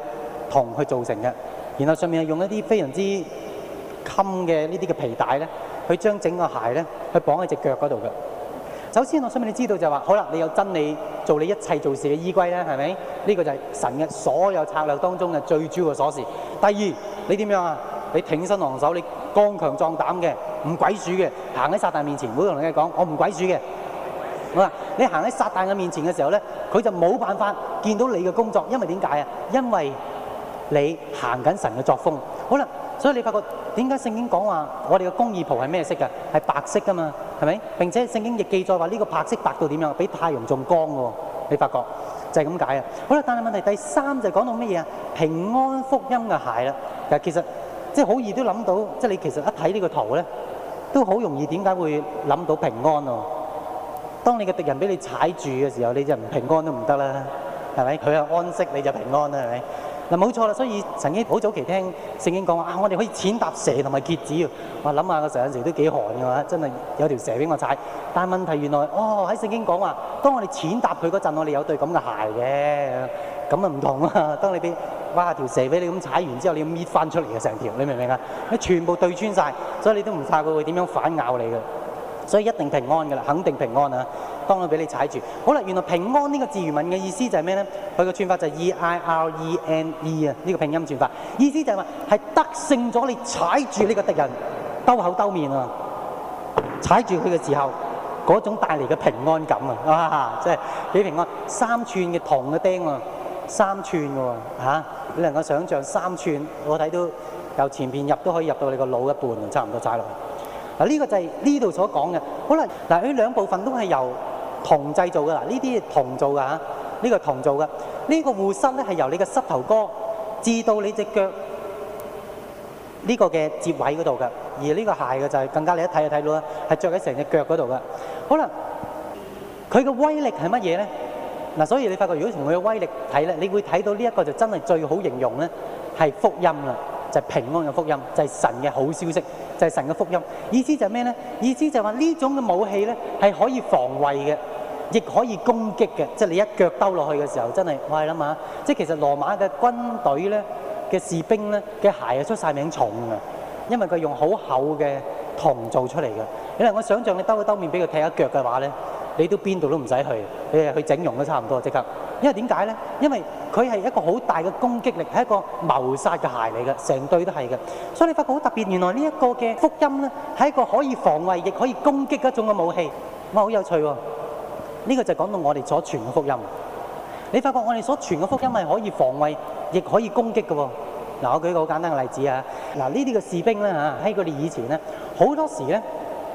銅去造成嘅，然後上面係用一啲非常之襟嘅呢啲嘅皮帶咧，去將整個鞋咧去綁喺隻腳嗰度嘅。首先我想問你知道就係話，好啦，你有真理。做你一切做事嘅依歸咧，係咪？呢個就係神嘅所有策略當中嘅最主要嘅鎖匙。第二，你點樣啊？你挺身昂首，你剛強壯膽嘅，唔鬼鼠嘅，行喺撒旦面前，唔好同人哋講，我唔鬼鼠嘅。好啦，你行喺撒旦嘅面前嘅時候咧，佢就冇辦法見到你嘅工作，因為點解啊？因為你行緊神嘅作風。好啦，所以你發覺點解聖經講話我哋嘅公義袍係咩色嘅？係白色噶嘛？係咪？並且聖經亦記載話呢個白色白到點樣？比太陽仲光喎、哦，你發覺就係、是、咁解啊。好啦，但係問題第三就係講到乜嘢啊？平安福音嘅鞋啦，其實即係好易都諗到，即、就、係、是、你其實一睇呢個圖咧，都好容易點解會諗到平安咯。當你嘅敵人俾你踩住嘅時候，你就唔平安都唔得啦，係咪？佢又安息，你就平安啦，係咪？冇錯啦，所以曾經好早期聽聖經講話啊，我哋可以踐踏蛇同埋蠍子，我諗下個時候有時都幾寒㗎嘛，真係有條蛇俾我踩，但係問題原來哦喺聖經講話，當我哋踐踏佢嗰陣，我哋有對咁嘅鞋嘅，咁啊唔同啊！當你俾哇條蛇俾你咁踩完之後，你要搣翻出嚟嘅成條你明唔明啊？佢全部對穿晒，所以你都唔怕佢會點樣反咬你㗎。所以一定平安噶啦，肯定平安啊，當佢俾你踩住。好啦，原來平安呢個字語文嘅意思就係咩咧？佢個串法就係 E I R E N E 啊，呢個拼音串法。意思就係話係得勝咗，你踩住呢個敵人，兜口兜面啊，踩住佢嘅時候，嗰種帶嚟嘅平安感啊，哇！即係幾平安。三寸嘅銅嘅釘啊，三寸嘅喎嚇，你能夠想象三寸，我睇到由前面入都可以入到你個腦一半，差唔多齋落去。啊！呢個就係呢度所講嘅。好啦，嗱，呢兩部分都係由銅製造嘅。嗱，呢啲係銅做嘅嚇，呢、這個銅做嘅。呢、這個護膝咧係由你嘅膝頭哥至到你隻腳呢個嘅接位嗰度嘅。而呢個鞋嘅就係、是、更加你一睇就睇到啦，係着喺成隻腳嗰度嘅。好啦，佢嘅威力係乜嘢咧？嗱，所以你發覺如果從佢嘅威力睇咧，你會睇到呢一個就真係最好形容咧係福音啦。就係平安嘅福音，就係神嘅好消息，就係神嘅福音。意思就係咩咧？意思就係話呢種嘅武器咧，係可以防衞嘅，亦可以攻擊嘅。即係你一腳兜落去嘅時候，真係我係諗下，即係其實羅馬嘅軍隊咧嘅士兵咧嘅鞋啊，出晒名重啊，因為佢用好厚嘅銅做出嚟嘅。你諗我想象你兜一兜面俾佢踢一腳嘅話咧？你都邊度都唔使去，你係去整容都差唔多即刻。因為點解咧？因為佢係一個好大嘅攻擊力，係一個謀殺嘅鞋嚟嘅，成對都係嘅。所以你發覺好特別，原來呢一個嘅福音咧，係一個可以防衞亦可以攻擊一種嘅武器。哇，好有趣喎！呢個就係講到我哋所傳嘅福音。你發覺我哋所傳嘅福音係可以防衞，亦可以攻擊嘅。嗱，我舉個好簡單嘅例子啊。嗱，呢啲嘅士兵咧嚇喺佢哋以前咧，好多時咧。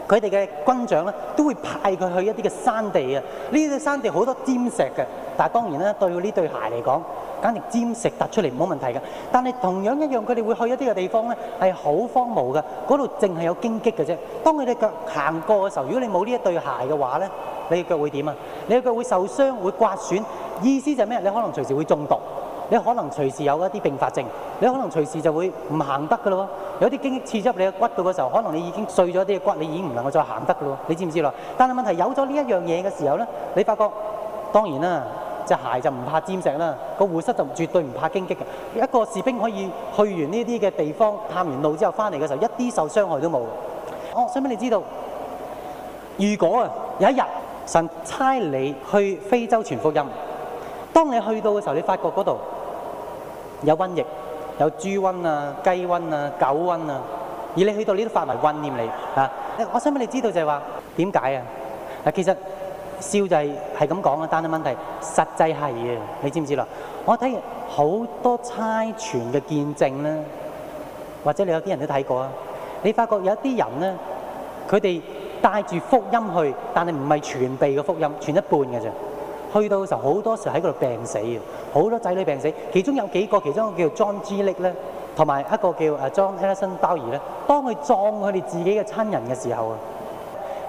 佢哋嘅軍長咧都會派佢去一啲嘅山地啊，呢啲山地好多尖石嘅，但係當然咧對呢對鞋嚟講，簡直尖石突出嚟冇問題嘅。但係同樣一樣，佢哋會去一啲嘅地方咧係好荒蕪嘅，嗰度淨係有荊棘嘅啫。當佢哋腳行過嘅時候，如果你冇呢一對鞋嘅話咧，你嘅腳會點啊？你嘅腳會受傷、會刮損，意思就係咩？你可能隨時會中毒。你可能隨時有一啲並發症，你可能隨時就會唔行得噶咯。有啲荊棘刺入你嘅骨度嘅時候，可能你已經碎咗啲嘅骨，你已經唔能夠再行得噶咯。你知唔知咯？但係問題是有咗呢一樣嘢嘅時候咧，你發覺當然啦，隻鞋就唔怕尖石啦，那個護膝就絕對唔怕荊棘嘅。一個士兵可以去完呢啲嘅地方探完路之後翻嚟嘅時候，一啲受傷害都冇。我、哦、想畀你知道，如果啊有一日神差你去非洲傳福音，當你去到嘅時候，你發覺嗰度。有瘟疫，有豬瘟啊、雞瘟啊、狗瘟啊，而你去到呢啲範圍瘟掂你啊！我想俾你知道就係話點解啊？嗱，其實笑就係係咁講啊。單一問題，實際係啊，你知唔知啦？我睇好多差傳嘅見證咧，或者你有啲人都睇過啊！你發覺有一啲人咧，佢哋帶住福音去，但係唔係全備嘅福音，傳一半嘅啫。去到嘅時候，好多時喺嗰度病死嘅，好多仔女病死。其中有幾個，其中一個叫 John G. Lake 咧，同埋一個叫啊 John Alexander Dowie 咧。當佢撞佢哋自己嘅親人嘅時候啊，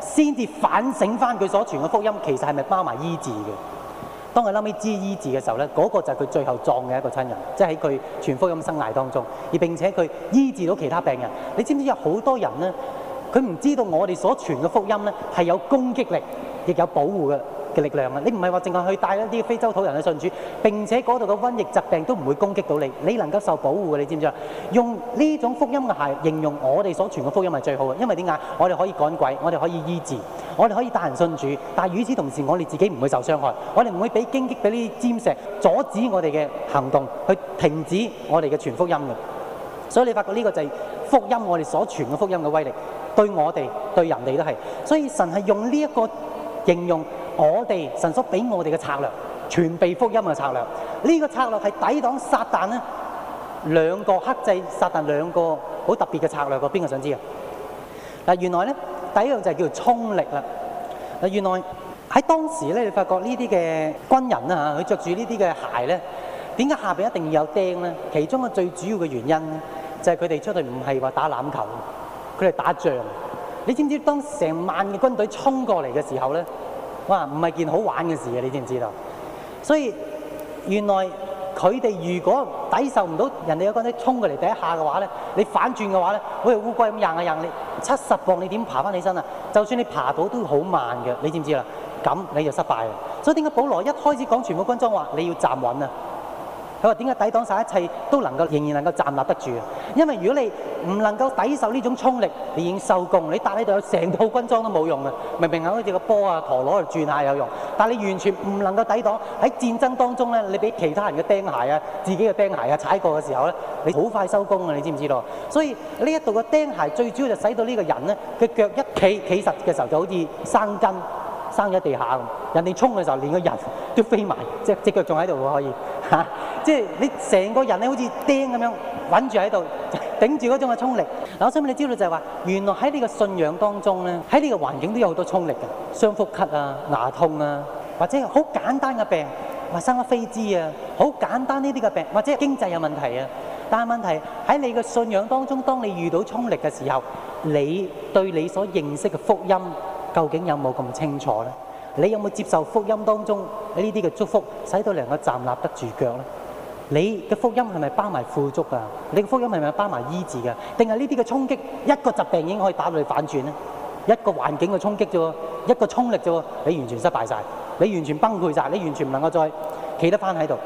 先至反省翻佢所傳嘅福音，其實係咪包埋醫治嘅？當佢諗起知醫治嘅時候咧，嗰、嗰個就係佢最後撞嘅一個親人，即係喺佢傳福音生涯當中，而並且佢醫治到其他病人。你知唔知有好多人咧？佢唔知道我哋所傳嘅福音咧係有攻擊力，亦有保護嘅。力量啊！你唔係話淨係去帶一啲非洲土人去信主，並且嗰度嘅瘟疫疾病都唔會攻擊到你，你能夠受保護嘅，你知唔知啊？用呢種福音嘅鞋形容我哋所傳嘅福音係最好嘅，因為點解？我哋可以趕鬼，我哋可以醫治，我哋可以帶人信主，但係與此同時，我哋自己唔會受傷害，我哋唔會俾荊棘，俾呢啲尖石阻止我哋嘅行動，去停止我哋嘅傳福音嘅。所以你發覺呢個就係福音，我哋所傳嘅福音嘅威力，對我哋對人哋都係。所以神係用呢一個形容。我哋神叔俾我哋嘅策略，全備福音嘅策略。呢個策略係抵擋撒旦，呢兩個剋制撒旦兩個好特別嘅策略。個邊個想知啊？嗱，原來咧第一樣就係叫衝力啦。嗱，原來喺當時咧，你發覺呢啲嘅軍人啊，嚇，佢着住呢啲嘅鞋咧，點解下邊一定要有釘咧？其中嘅最主要嘅原因呢就係佢哋出嚟唔係話打籃球，佢哋打仗。你知唔知當成萬嘅軍隊衝過嚟嘅時候咧？哇，唔係件好玩嘅事嘅，你知唔知道？所以原來佢哋如果抵受唔到人哋嘅軍隊衝過嚟第一下嘅話咧，你反轉嘅話咧，好似烏龜咁掗下掗，你七十磅你點爬翻起身啊？就算你爬到都好慢嘅，你知唔知啦？咁你就失敗啦。所以點解保羅一開始講全部軍裝話你要站穩啊？佢話點解抵擋曬一切都能夠仍然能夠站立得住？因為如果你唔能夠抵受呢種衝力，你已經收工。你搭喺度有成套軍裝都冇用啊！明明有好似個波啊、陀螺啊轉下有用，但你完全唔能夠抵擋，喺戰爭當中你畀其他人嘅釘鞋啊、自己嘅釘鞋踩過嘅時候，你好快收工啊！你知唔知道？所以呢一度嘅釘鞋最主要就使到呢個人呢，佢腳，嘅腳一企起實嘅時候就好似生根。生咗地下咁，人哋衝嘅時候連個人都飛埋，即係隻腳仲喺度可以吓，即係你成個人咧好似釘咁樣穩住喺度，頂住嗰種嘅衝力。嗱，我想問你知道就係話，原來喺你嘅信仰當中咧，喺呢個環境都有好多衝力嘅，傷風咳啊、牙痛啊，或者好簡單嘅病，或生咗飛滋啊，好簡單呢啲嘅病，或者經濟有問題啊。但係問題喺你嘅信仰當中，當你遇到衝力嘅時候，你對你所認識嘅福音，究竟有冇咁清楚呢？你有冇接受福音當中呢啲嘅祝福，使到你能夠站立得住腳呢？你嘅福音係咪包埋富足啊？你嘅福音係咪包埋醫治噶？定係呢啲嘅衝擊，一個疾病已經可以打到你反轉咧？一個環境嘅衝擊啫，一個衝力啫，你完全失敗晒，你完全崩潰晒，你完全唔能夠再企得翻喺度。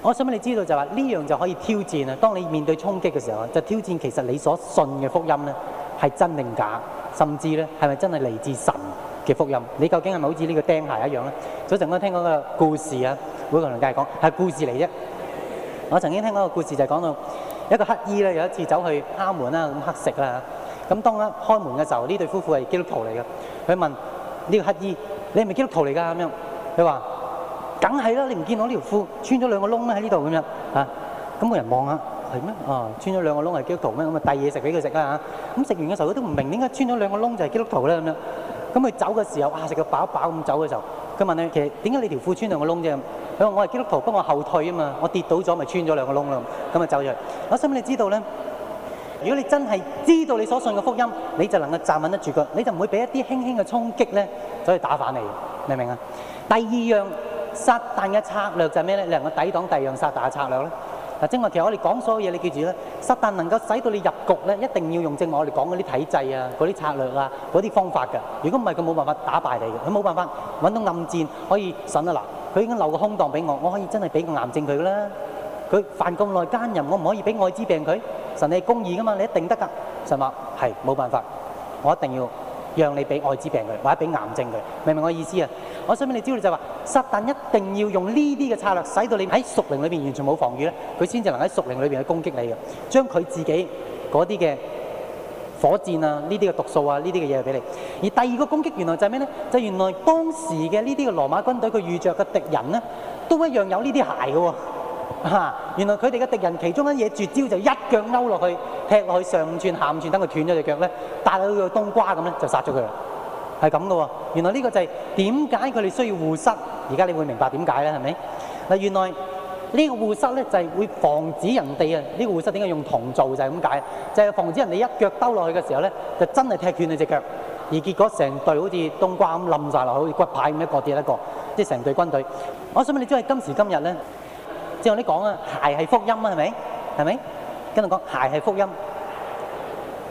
我想俾你知道就話、是、呢樣就可以挑戰啊，當你面對衝擊嘅時候，就挑戰其實你所信嘅福音呢，係真定假？甚至咧，係咪真係嚟自神嘅福音？你究竟係咪好似呢個釘鞋一樣咧？早陣間聽講個故事啊，會同人介講係故事嚟啫。我曾經聽講個故事就係講到一個乞兒咧，有一次走去敲門啦，咁乞食啦。咁當一開門嘅時候，呢對夫婦係基督徒嚟嘅。佢問呢個乞兒：你係咪基督徒嚟㗎？咁樣佢話：梗係啦，你唔見到呢條褲穿咗兩個窿咩喺呢度咁樣啊？咁冇人望啊！係咩？啊，穿咗兩個窿係基督徒咩？咁啊，遞嘢食俾佢食啦嚇。咁食完嘅時候，佢都唔明點解穿咗兩個窿就係基督徒咧咁樣。咁佢走嘅時候，啊，食個飽飽咁走嘅時候，佢問你：「其實點解你條褲穿兩個窿啫？佢話：我係基督徒，不過我後退啊嘛，我跌倒咗咪穿咗兩個窿咯。咁啊，走咗。我想俾你知道咧，如果你真係知道你所信嘅福音，你就能夠站穩得住佢，你就唔會俾一啲輕輕嘅衝擊咧，走去打翻你。你明唔明啊？第二樣撒但嘅策略就係咩咧？你能夠抵擋第二樣撒但嘅策略咧？正話其實我哋講所有嘢，你記住咧，撒但能夠使到你入局咧，一定要用正我哋講嗰啲體制啊，嗰啲策略啊、嗰啲方法㗎。如果唔係，佢冇辦法打敗你嘅，佢冇辦法揾到暗戰，可以順喇。佢已經留個空檔俾我，我可以真係俾個癌症佢啦。佢犯咁耐奸淫，我唔可以俾愛滋病佢。神你係公義㗎嘛，你一定得㗎。神話係冇辦法，我一定要。讓你俾愛滋病佢，或者俾癌症佢，明唔明我意思啊？我想俾你知，咧就係話，撒旦一定要用呢啲嘅策略，使到你喺屬靈裏邊完全冇防禦。咧，佢先至能喺屬靈裏邊去攻擊你嘅，將佢自己嗰啲嘅火箭啊，呢啲嘅毒素啊，呢啲嘅嘢俾你。而第二個攻擊原來就係咩咧？就原來當時嘅呢啲嘅羅馬軍隊，佢遇着嘅敵人咧，都一樣有呢啲鞋嘅喎、哦。嚇、啊！原來佢哋嘅敵人其中一嘢絕招就一腳勾落去，踢落去上串下串，等佢斷咗隻腳咧，帶到好似冬瓜咁咧，就殺咗佢啦。係咁嘅喎！原來呢個就係點解佢哋需要護膝，而家你會明白點解咧？係咪嗱？原來呢個護膝咧就係會防止人哋啊！呢、呢個護膝點解用銅做就係咁解，就係、就係、防止人哋一腳兜落去嘅時候咧，就真係踢斷你隻腳，而結果成隊好似冬瓜咁冧晒落去，好似骨牌咁一個跌一個，即係成隊軍隊。我想問你，即係今時今日咧？之後你講啊，鞋係福音啊，係咪？係咪？跟住講鞋係福音。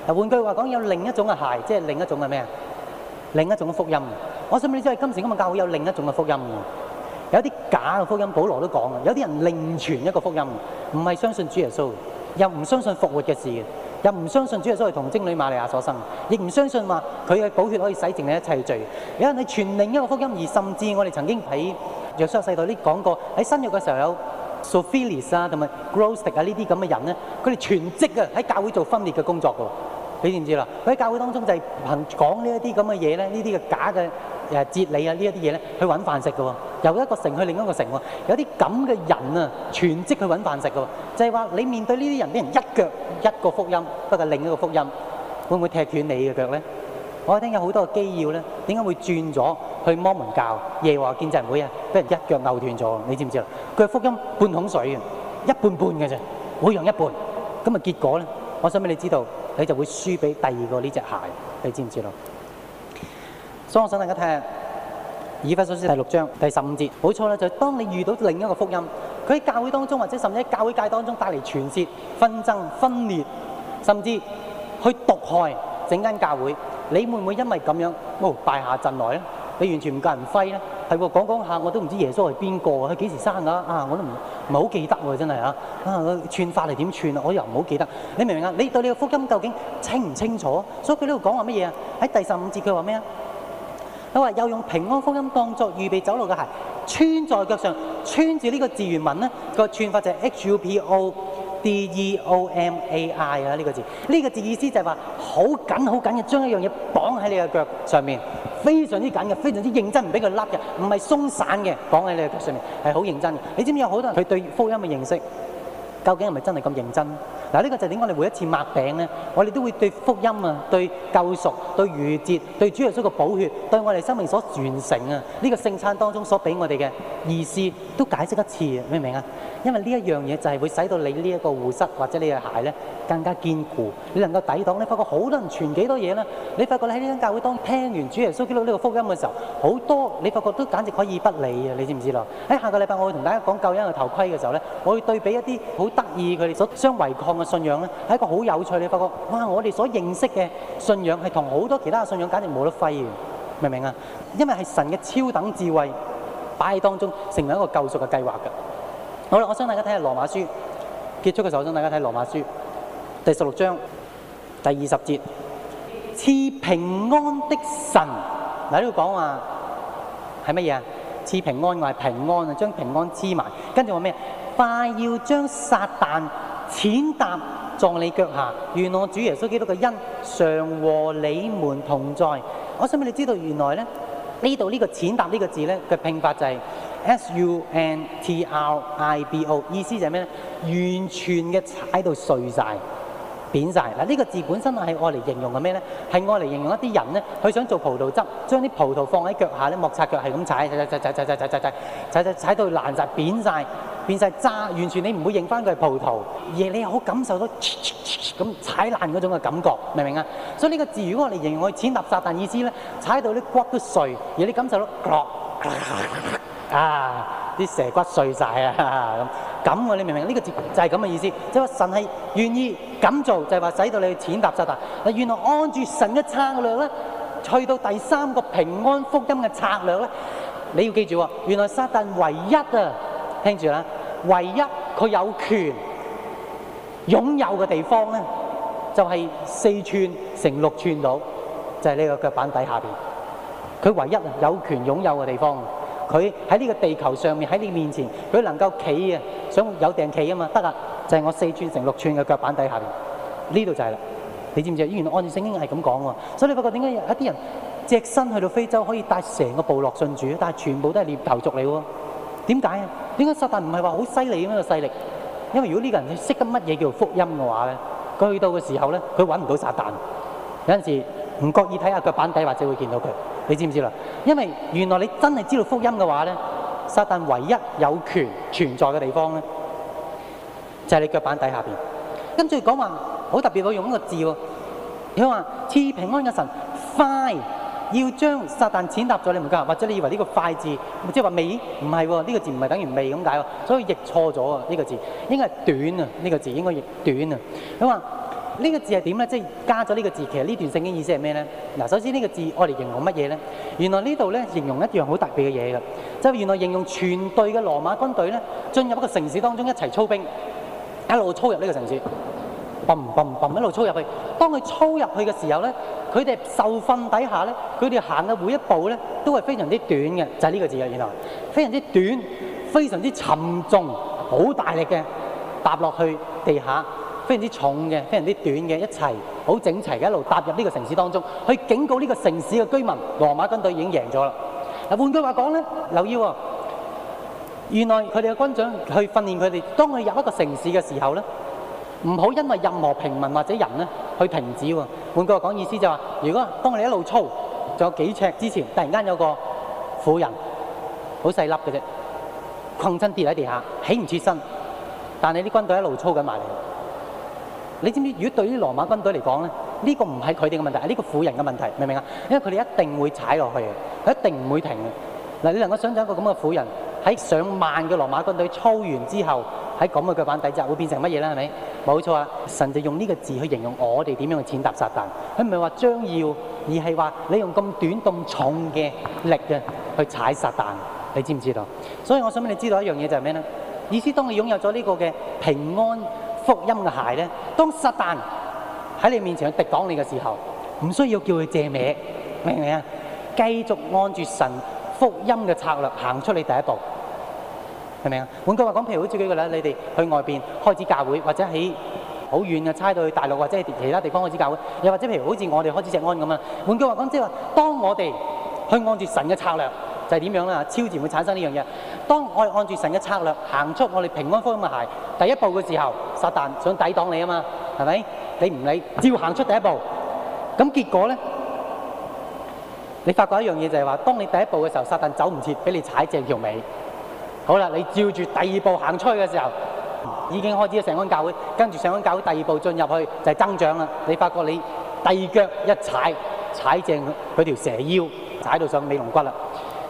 又換句話講，有另一種嘅鞋，即係另一種係咩啊？另一種福音。我相信你知，今時今日教會有另一種嘅福音嘅，有啲假嘅福音。保羅都講，有啲人另傳一個福音，唔係相信主耶穌嘅，又唔相信復活嘅事嘅，又唔相信主耶穌係同貞女瑪利亞所生，亦唔相信話佢嘅寶血可以洗淨你一切罪。有人係傳另一個福音，而甚至我哋曾經喺約書亞世代啲講過，喺新約嘅時候有。Sophilis 啊，同埋 Gnostic 啊，呢啲咁嘅人咧，佢哋全職啊喺教會做分裂嘅工作噶，你知唔知啦？佢喺教會當中就係憑講呢一啲咁嘅嘢咧，呢啲嘅假嘅誒哲理啊，呢一啲嘢咧，去揾飯食噶，由一個城去另一個城喎，有啲咁嘅人啊，全職去揾飯食噶，就係話你面對呢啲人，俾人一腳一個福音，不過另一個福音，會唔會踢斷你嘅腳咧？我聽有好多嘅機要咧，點解會轉咗去摩門教耶和華見證會啊？俾人一腳拗斷咗，你知唔知啊？佢福音半桶水啊，一半半嘅啫，會用一半咁啊！結果咧，我想俾你知道，你就會輸俾第二個呢隻鞋，你知唔知咯？所以我想大家聽以弗所書第六章第十五節，冇錯咧，就係當你遇到另一個福音，佢喺教會當中或者甚至喺教會界當中帶嚟傳説紛爭分裂，甚至去毒害整間教會。你會唔會因為噉樣，哦敗下陣來呢？你完全唔夠人揮呢，是係喎，講講下我都唔知耶穌係邊個，佢幾時生㗎，啊，我都唔好記得喎，啊，真係啊！啊，串法係點串我又唔好記得。你明唔明啊？你對你嘅福音究竟清唔清楚？所以佢呢度講話乜嘢啊？喺第十五節佢話咩啊？佢話又用平安福音當作預備走路嘅鞋穿在腳上，穿住呢個字原文咧，個串法就係 H U P O。D E O M A I 啊，呢個字，呢個字意思就係話好緊好緊嘅，將一樣嘢綁喺你嘅腳上面，非常之緊嘅，非常之認真，唔俾佢甩嘅，唔係鬆散嘅，綁喺你嘅腳上面係好認真嘅。你知唔知有好多人，佢對福音嘅認識，究竟係咪真係咁認真？嗱，呢個就係點解我哋每一次擘餅咧，我哋都會對福音啊、對救贖、對預節、對主耶穌嘅寶血，對我哋生命所完成啊，呢、這個聖餐當中所俾我哋嘅意思，都解釋一次，明唔明啊？因為呢一樣嘢就係會使到你呢一個護膝或者你個鞋咧更加堅固，你能夠抵擋咧。發覺好多人傳幾多嘢咧，你發覺喺呢間教會當你聽完主耶穌基督呢個福音嘅時候，好多你發覺都簡直可以不理啊！你知唔知咯？喺下個禮拜我會同大家講救恩嘅頭盔嘅時候咧，我會對比一啲好得意佢哋所相違抗。嘅信仰咧，係一個好有趣嘅發覺。哇！我哋所認識嘅信仰，係同好多其他嘅信仰簡直冇得揮嘅，明唔明啊？因為係神嘅超等智慧擺喺當中，成為一個救贖嘅計劃㗎。好啦，我想大家睇下《羅馬書》結束嘅時候，我想大家睇《羅馬書》第十六章第二十節，賜平安的神，嗱呢度講話係乜嘢啊？賜平安，我係平安啊，將平安黐埋，跟住話咩？快要將撒但踐踏撞你腳下，願我主耶穌基督嘅恩常和你們同在。我想問你知道原來咧呢度呢、呢個踐踏呢個字咧嘅拼法就係 s u n t r i b o，意思就係咩咧？完全嘅踩到碎晒。扁曬嗱，呢、這個字本身係用嚟形容嘅咩咧？係用嚟形容一啲人咧，佢想做葡萄汁，將啲葡萄放喺腳下咧，磨擦腳係咁踩，踩踩踩踩踩踩踩踩踩踩，踩，踩到爛晒、扁晒、變晒渣，完全你唔會認翻佢係葡萄，而你又好感受到咁踩爛嗰種嘅感覺，明唔明啊？所以呢個字如果用嚟形容似垃圾，但意思咧踩到啲骨都碎，而你感受到骨。啊！啲蛇骨碎晒啊！咁咁你明唔明？呢個字就係咁嘅意思。即係話神係願意咁做，就係話使到你去踐踏撒旦。原來按住神嘅策略咧，去到第三個平安福音嘅策略咧，你要記住喎。原來撒旦唯一啊，聽住啦，唯一佢有權擁有嘅地方咧，就係四寸乘六寸到，就係呢個腳板底下邊，佢唯一有權擁有嘅地方。佢喺呢個地球上面喺你面前，佢能夠企啊，想有埞企啊嘛，得啦，就係我四寸乘六寸嘅腳板底下邊，呢度就係啦。你知唔知啊？依原來按聖經係咁講喎，所以你發覺點解有一啲人隻身去到非洲可以帶成個部落信主，但係全部都係獵頭族嚟喎？點解啊？點解撒旦唔係話好犀利咁嘅勢力？因為如果呢個人識得乜嘢叫福音嘅話咧，佢去到嘅時候咧，佢揾唔到撒旦。有陣時唔覺意睇下腳板底，或者會見到佢。你知唔知啦？因為原來你真係知道福音嘅話咧，撒旦唯一有權存在嘅地方咧，就係你腳板底下邊。跟住講話好特別，我用一個字喎。佢話：賜平安嘅神快要將撒旦踐踏咗你唔架，或者你以為呢個快字即係話未？唔係喎，呢、這個字唔係等於未咁解喎。所以譯錯咗啊，呢、這個這個字應該係短啊，呢個字應該譯短啊。咁啊。呢個字係點咧？即係加咗呢個字，其實呢段聖經意思係咩咧？嗱，首先呢個字我哋形容乜嘢咧？原來呢度咧形容一樣好特別嘅嘢㗎，就係原來形容全隊嘅羅馬軍隊咧進入一個城市當中一齊操兵，一路操入呢個城市，嘣嘣嘣一路操入去。當佢操入去嘅時候咧，佢哋受訓底下咧，佢哋行嘅每一步咧都係非常之短嘅，就係呢個字啊！原來非常之短，非常之沉重，好大力嘅踏落去地下。非常之重嘅，非常之短嘅，一齊好整齊嘅一路踏入呢個城市當中，去警告呢個城市嘅居民。羅馬軍隊已經贏咗啦。嗱，換句話講咧，留意喎，原來佢哋嘅軍長去訓練佢哋，當佢入一個城市嘅時候咧，唔好因為任何平民或者人咧去停止喎。換句話講，意思就係話，如果當你一路操，仲有幾尺之前，突然間有個婦人好細粒嘅啫，掯親跌喺地下，起唔切身，但係啲軍隊一路操緊埋嚟。你知唔知？如果對於羅馬軍隊嚟講咧，呢個唔係佢哋嘅問題，係呢個婦人嘅問題，明唔明啊？因為佢哋一定會踩落去嘅，佢一定唔會停嘅。嗱，你能夠想象一個咁嘅婦人喺上萬嘅羅馬軍隊操完之後，喺咁嘅腳板底扎，會變成乜嘢咧？係咪？冇錯啊！神就用呢個字去形容我哋點樣去踐踏撒旦。佢唔係話將要，而係話你用咁短、咁重嘅力去踩撒旦。你知唔知道？所以我想俾你知道一樣嘢就係咩咧？意思當你擁有咗呢個嘅平安福音嘅鞋咧，當撒但喺你面前去敵擋你嘅時候，唔需要叫佢借名，明唔明啊？繼續按住神福音嘅策略行出你第一步，明唔明啊？換句話講，譬如好似呢個咧，你哋去外邊開始教會，或者喺好遠嘅差到去大陸或者係其他地方開始教會，又或者譬如好似我哋開始靜安咁啊。換句話講，即係話，當我哋去按住神嘅策略，就係點樣啦？超自然會產生呢樣嘢。當我哋按住神嘅策略行出我哋平安福音嘅鞋第一步嘅時候，撒旦想抵擋你啊嘛，係咪？你唔理，只要行出第一步，咁結果咧，你發覺一樣嘢就係話，當你第一步嘅時候，撒旦走唔切，俾你踩正條尾。好啦，你照住第二步行出去嘅時候，已經開始成安教會，跟住成安教會第二步進入去就係增長啦。你發覺你第二腳一踩，踩正佢條蛇腰，踩到上尾龍骨啦。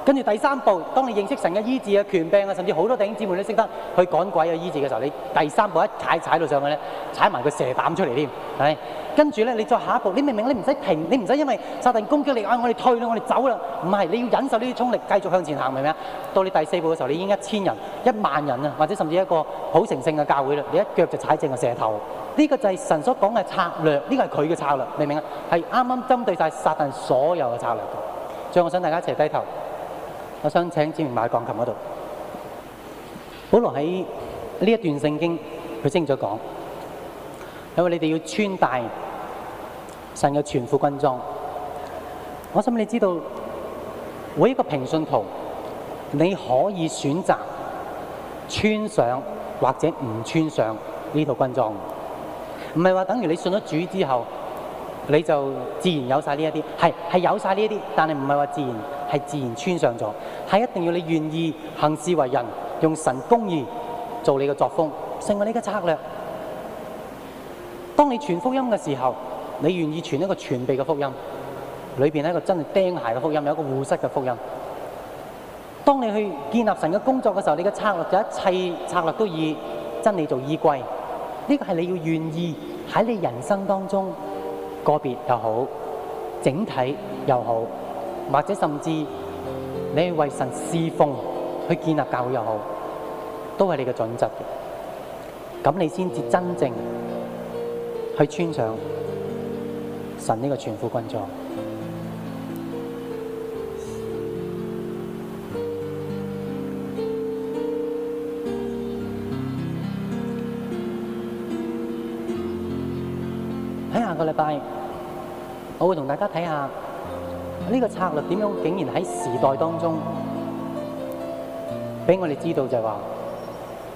跟住第三步，當你認識神嘅醫治啊、權柄啊，甚至好多弟兄姊妹都識得去趕鬼啊、醫治嘅時候，你第三步一踩踩到上去，咧，踩埋個蛇膽出嚟添。係跟住咧，你再下一步，你明唔明？你唔使停，你唔使因為撒但攻擊你，嗌我哋退啦，我哋走啦。唔係，你要忍受呢啲衝力，繼續向前行，明唔明啊？到你第四步嘅時候，你已經一千人、一萬人啊，或者甚至一個好誠性嘅教會啦，你一腳就踩正個蛇頭。呢、這個就係神所講嘅策略，呢、這個係佢嘅策略，明唔明啊？係啱啱針對晒撒但所有嘅策略。所以我想大家一齊低頭。我想請前面買鋼琴嗰度。保羅喺呢一段聖經，佢精咗講，因為你哋要穿戴神嘅全副軍裝。我想你知道，每一個平信徒，你可以選擇穿上或者唔穿上呢套軍裝。唔係話等於你信咗主之後，你就自然有晒呢一啲，係係有晒呢一啲，但係唔係話自然。係自然穿上咗，係一定要你願意行事為人，用神公義做你嘅作風，成為你嘅策略。當你傳福音嘅時候，你願意傳一個全備嘅福音，裏面呢一個真係釘鞋嘅福音，有一個護膝嘅福音。當你去建立神嘅工作嘅時候，你嘅策略就一切策略都以真理做依歸。呢、這個係你要願意喺你人生當中個別又好，整體又好。或者甚至你去為神侍奉、去建立教育，好，都係你嘅準則。咁你先至真正去穿上神呢個全副軍裝。睇 下個禮拜，我會同大家睇下。呢、這個策略點樣？竟然喺時代當中，俾我哋知道就係話，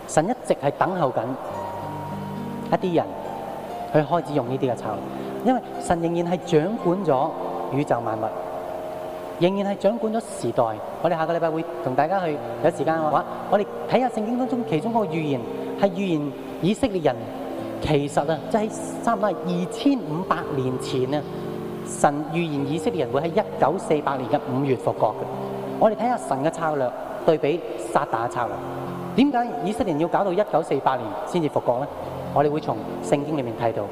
神一直係等候緊一啲人去開始用呢啲嘅策略，因為神仍然係掌管咗宇宙萬物，仍然係掌管咗時代。我哋下個禮拜會同大家去有時間嘅話，我哋睇下聖經當中其中嗰個預言，係預言以色列人其實啊，就係差唔多係二千五百年前啊。神預言以色列人會喺一九四八年嘅五月復國嘅。我哋睇下神嘅策略對比撒旦嘅策略。點解以色列人要搞到一九四八年先至復國呢？我哋會從聖經裏面睇到，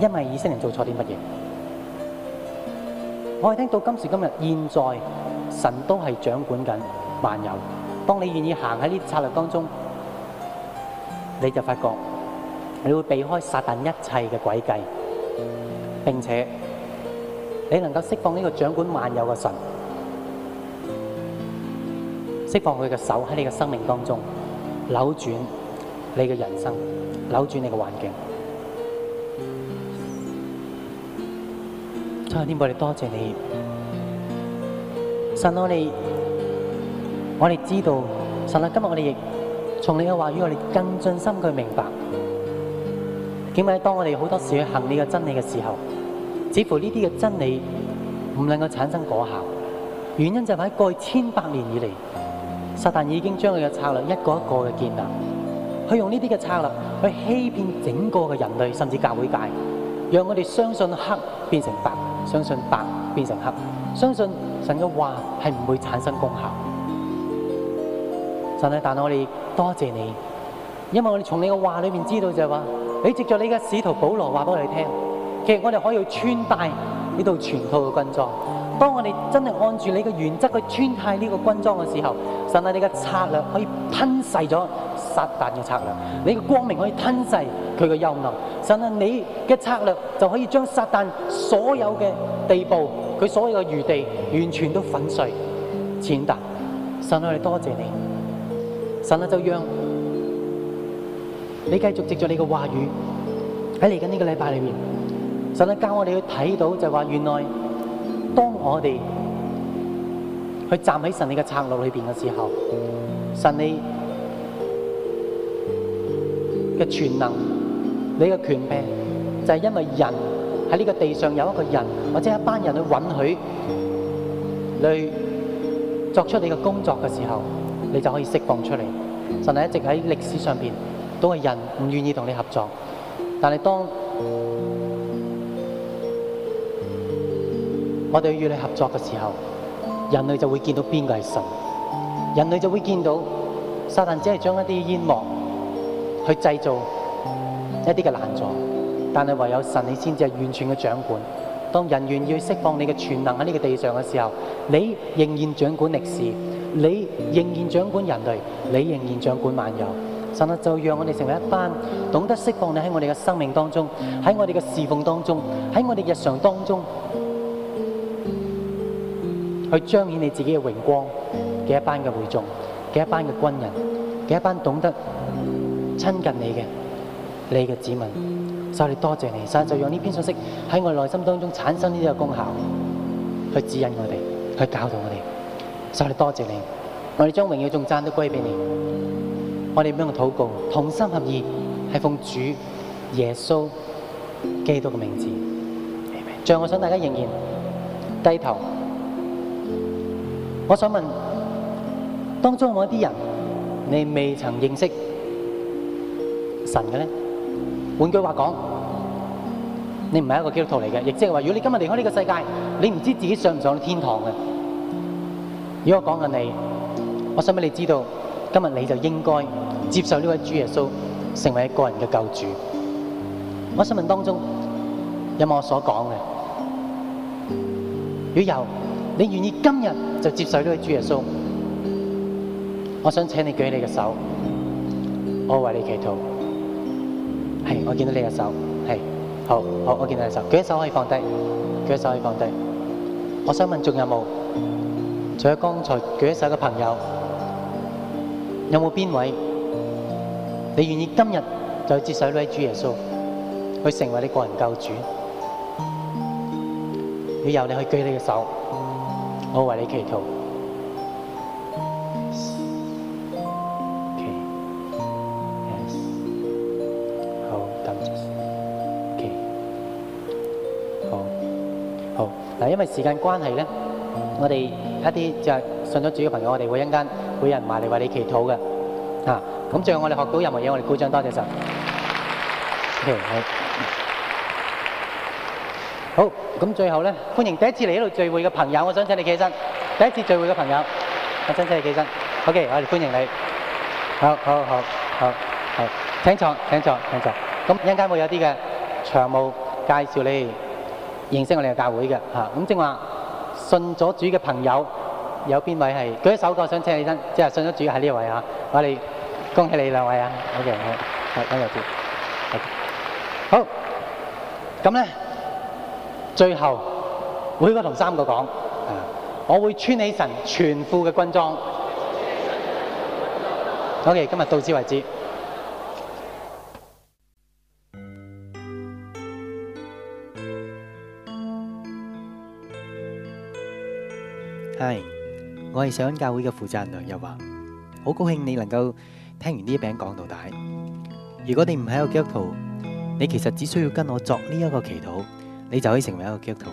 因為以色列人做錯啲乜嘢。我哋聽到今時今日現在，神都係掌管緊萬有。當你願意行喺呢啲策略當中，你就發覺你會避開撒旦一切嘅詭計，並且，你能夠釋放呢個掌管萬有嘅神，釋放佢嘅手喺你嘅生命當中，扭轉你嘅人生，扭轉你嘅環境。天父，我哋多謝你，神，我哋我哋知道，神啊，今日我哋亦從你嘅話語，我哋更盡心去明白。點解當我哋好多時去行呢個真理嘅時候，似乎呢啲嘅真理唔能夠產生果效，原因就係喺過去千百年以嚟，撒旦已經將佢嘅策略一個一個嘅建立，去用呢啲嘅策略去欺騙整個嘅人類，甚至教會界，讓我哋相信黑變成白，相信白變成黑，相信神嘅話係唔會產生功效。神啊，但我哋多謝你，因為我哋從你嘅話裏面知道就係話，你藉着你嘅使徒保羅話俾我哋聽。其實我哋可以穿戴呢套全套嘅軍裝。當我哋真係按住你嘅原則去穿戴呢個軍裝嘅時候，神啊！你嘅策略，可以吞噬咗撒旦嘅策略，你嘅光明可以吞噬佢嘅幽暗，神啊！你嘅策略就可以將撒旦所有嘅地步、佢所有嘅餘地，完全都粉碎、踐踏，神啊，我哋多謝你。神啊，就讓你繼續藉着你嘅話語喺嚟緊呢個禮拜裏面。神你教我哋去睇到，就係話，原來當我哋去站喺神你嘅策略裏邊嘅時候，神你嘅全能、你嘅權柄，就係因為人喺呢個地上有一個人或者一班人去允許你作出你嘅工作嘅時候，你就可以釋放出嚟。神你一直喺歷史上邊，都係人唔願意同你合作，但係當我哋與你合作嘅時候，人類就會見到邊個係神？人類就會見到撒旦只係將一啲煙幕去製造一啲嘅難障，但係唯有神，你先至係完全嘅掌管。當人願意釋放你嘅全能喺呢個地上嘅時候，你仍然掌管歷史，你仍然掌管人類，你仍然掌管萬有。神就讓我哋成為一班懂得釋放你喺我哋嘅生命當中，喺我哋嘅侍奉當中，喺我哋日常當中。去彰顯你自己嘅榮光嘅一班嘅會眾，嘅一班嘅軍人，嘅一班懂得親近你嘅你嘅子民，上帝多謝你，上帝就用呢篇信息喺我內心當中產生呢啲嘅功效，去指引我哋，去教導我哋，上帝多謝你，我哋將榮耀仲讚得歸俾你，我哋點樣去禱告，同心合意係奉主耶穌基督嘅名字，最後我想大家仍然低頭。我想問，當中有冇一啲人你未曾認識神嘅呢？換句話講，你唔係一個基督徒嚟嘅，亦即係話，如果你今日離開呢個世界，你唔知自己上唔上天堂嘅。如果我講緊你，我想俾你知道，今日你就應該接受呢位主耶穌成為一個人嘅救主。我想問，當中有冇我所講嘅？如果有？你願意今日就接受呢位主耶穌？我想請你舉起你嘅手，我為你祈禱。係，我見到你嘅手。係，好，好，我見到你嘅手。舉起手可以放低，舉起手可以放低。我想問，仲有冇？除咗剛才舉起手嘅朋友，有冇邊位？你願意今日就接受呢位主耶穌，去成為你個人救主？你由你可以舉起你嘅手。我為你祈禱。Yes，OK，Yes，好，咁，OK，好，好。嗱，因為時間關係呢，我哋一啲就係信咗主嘅朋友，我哋會一間會有人埋嚟為你祈禱嘅。啊，咁最後我哋學到任何嘢，我哋鼓掌多謝晒。OK，好。好。咁最後咧，歡迎第一次嚟呢度聚會嘅朋友，我想請你企起身。第一次聚會嘅朋友，我真真係起身。OK，我哋歡迎你。好好好好好，請坐請坐請坐。咁一陣間會有啲嘅長幕介紹你認識我哋嘅教會嘅嚇。咁正話信咗主嘅朋友有邊位係舉啲手嘅，想請你起身，即係信咗主係呢位嚇。我哋恭喜你兩位啊。OK，好，大家有節。好，咁咧。最後，每一個同三個講，我會穿起神全副嘅軍裝。OK，今日到此為止。Hi，我係上恩教會嘅負責人梁日華，好高興你能夠聽完呢一餅講到底。如果你唔係個基督徒，你其實只需要跟我作呢一個祈禱。你就可以成為一個基督徒，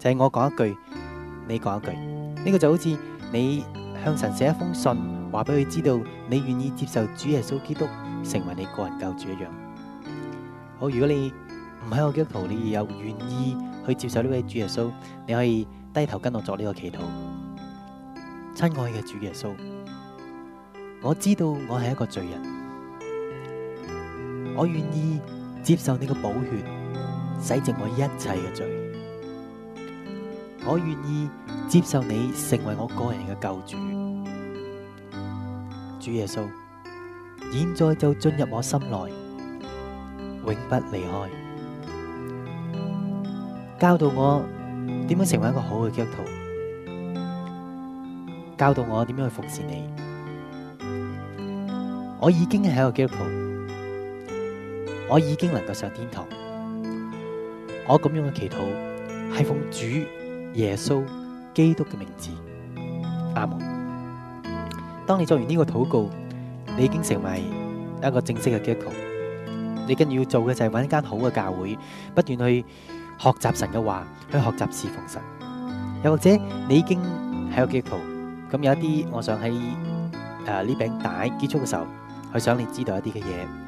就係、是、我講一句，你講一句，呢、這個就好似你向神寫一封信，話俾佢知道你願意接受主耶穌基督成為你個人救主一樣。好，如果你唔係我基督徒，你又願意去接受呢位主耶穌，你可以低頭跟我作呢個祈禱。親愛嘅主耶穌，我知道我係一個罪人，我願意接受你嘅寶血，洗淨我一切嘅罪，我願意接受你成為我個人嘅救主。主耶穌，現在就進入我心內，永不離開。教導我點樣成為一個好嘅基督徒，教導我點樣去服侍你。我已經係一個基督徒，我已經能夠上天堂。我咁樣嘅祈禱係奉主耶穌基督嘅名字，阿門。當你做完呢個禱告，你已經成為一個正式嘅基督徒。你跟住要做嘅就係搵一間好嘅教會，不斷去學習神嘅話，去學習侍奉神。又或者你已經喺個基督徒，咁有一啲，我想喺誒呢餅帶結束嘅時候，佢想你知道一啲嘅嘢。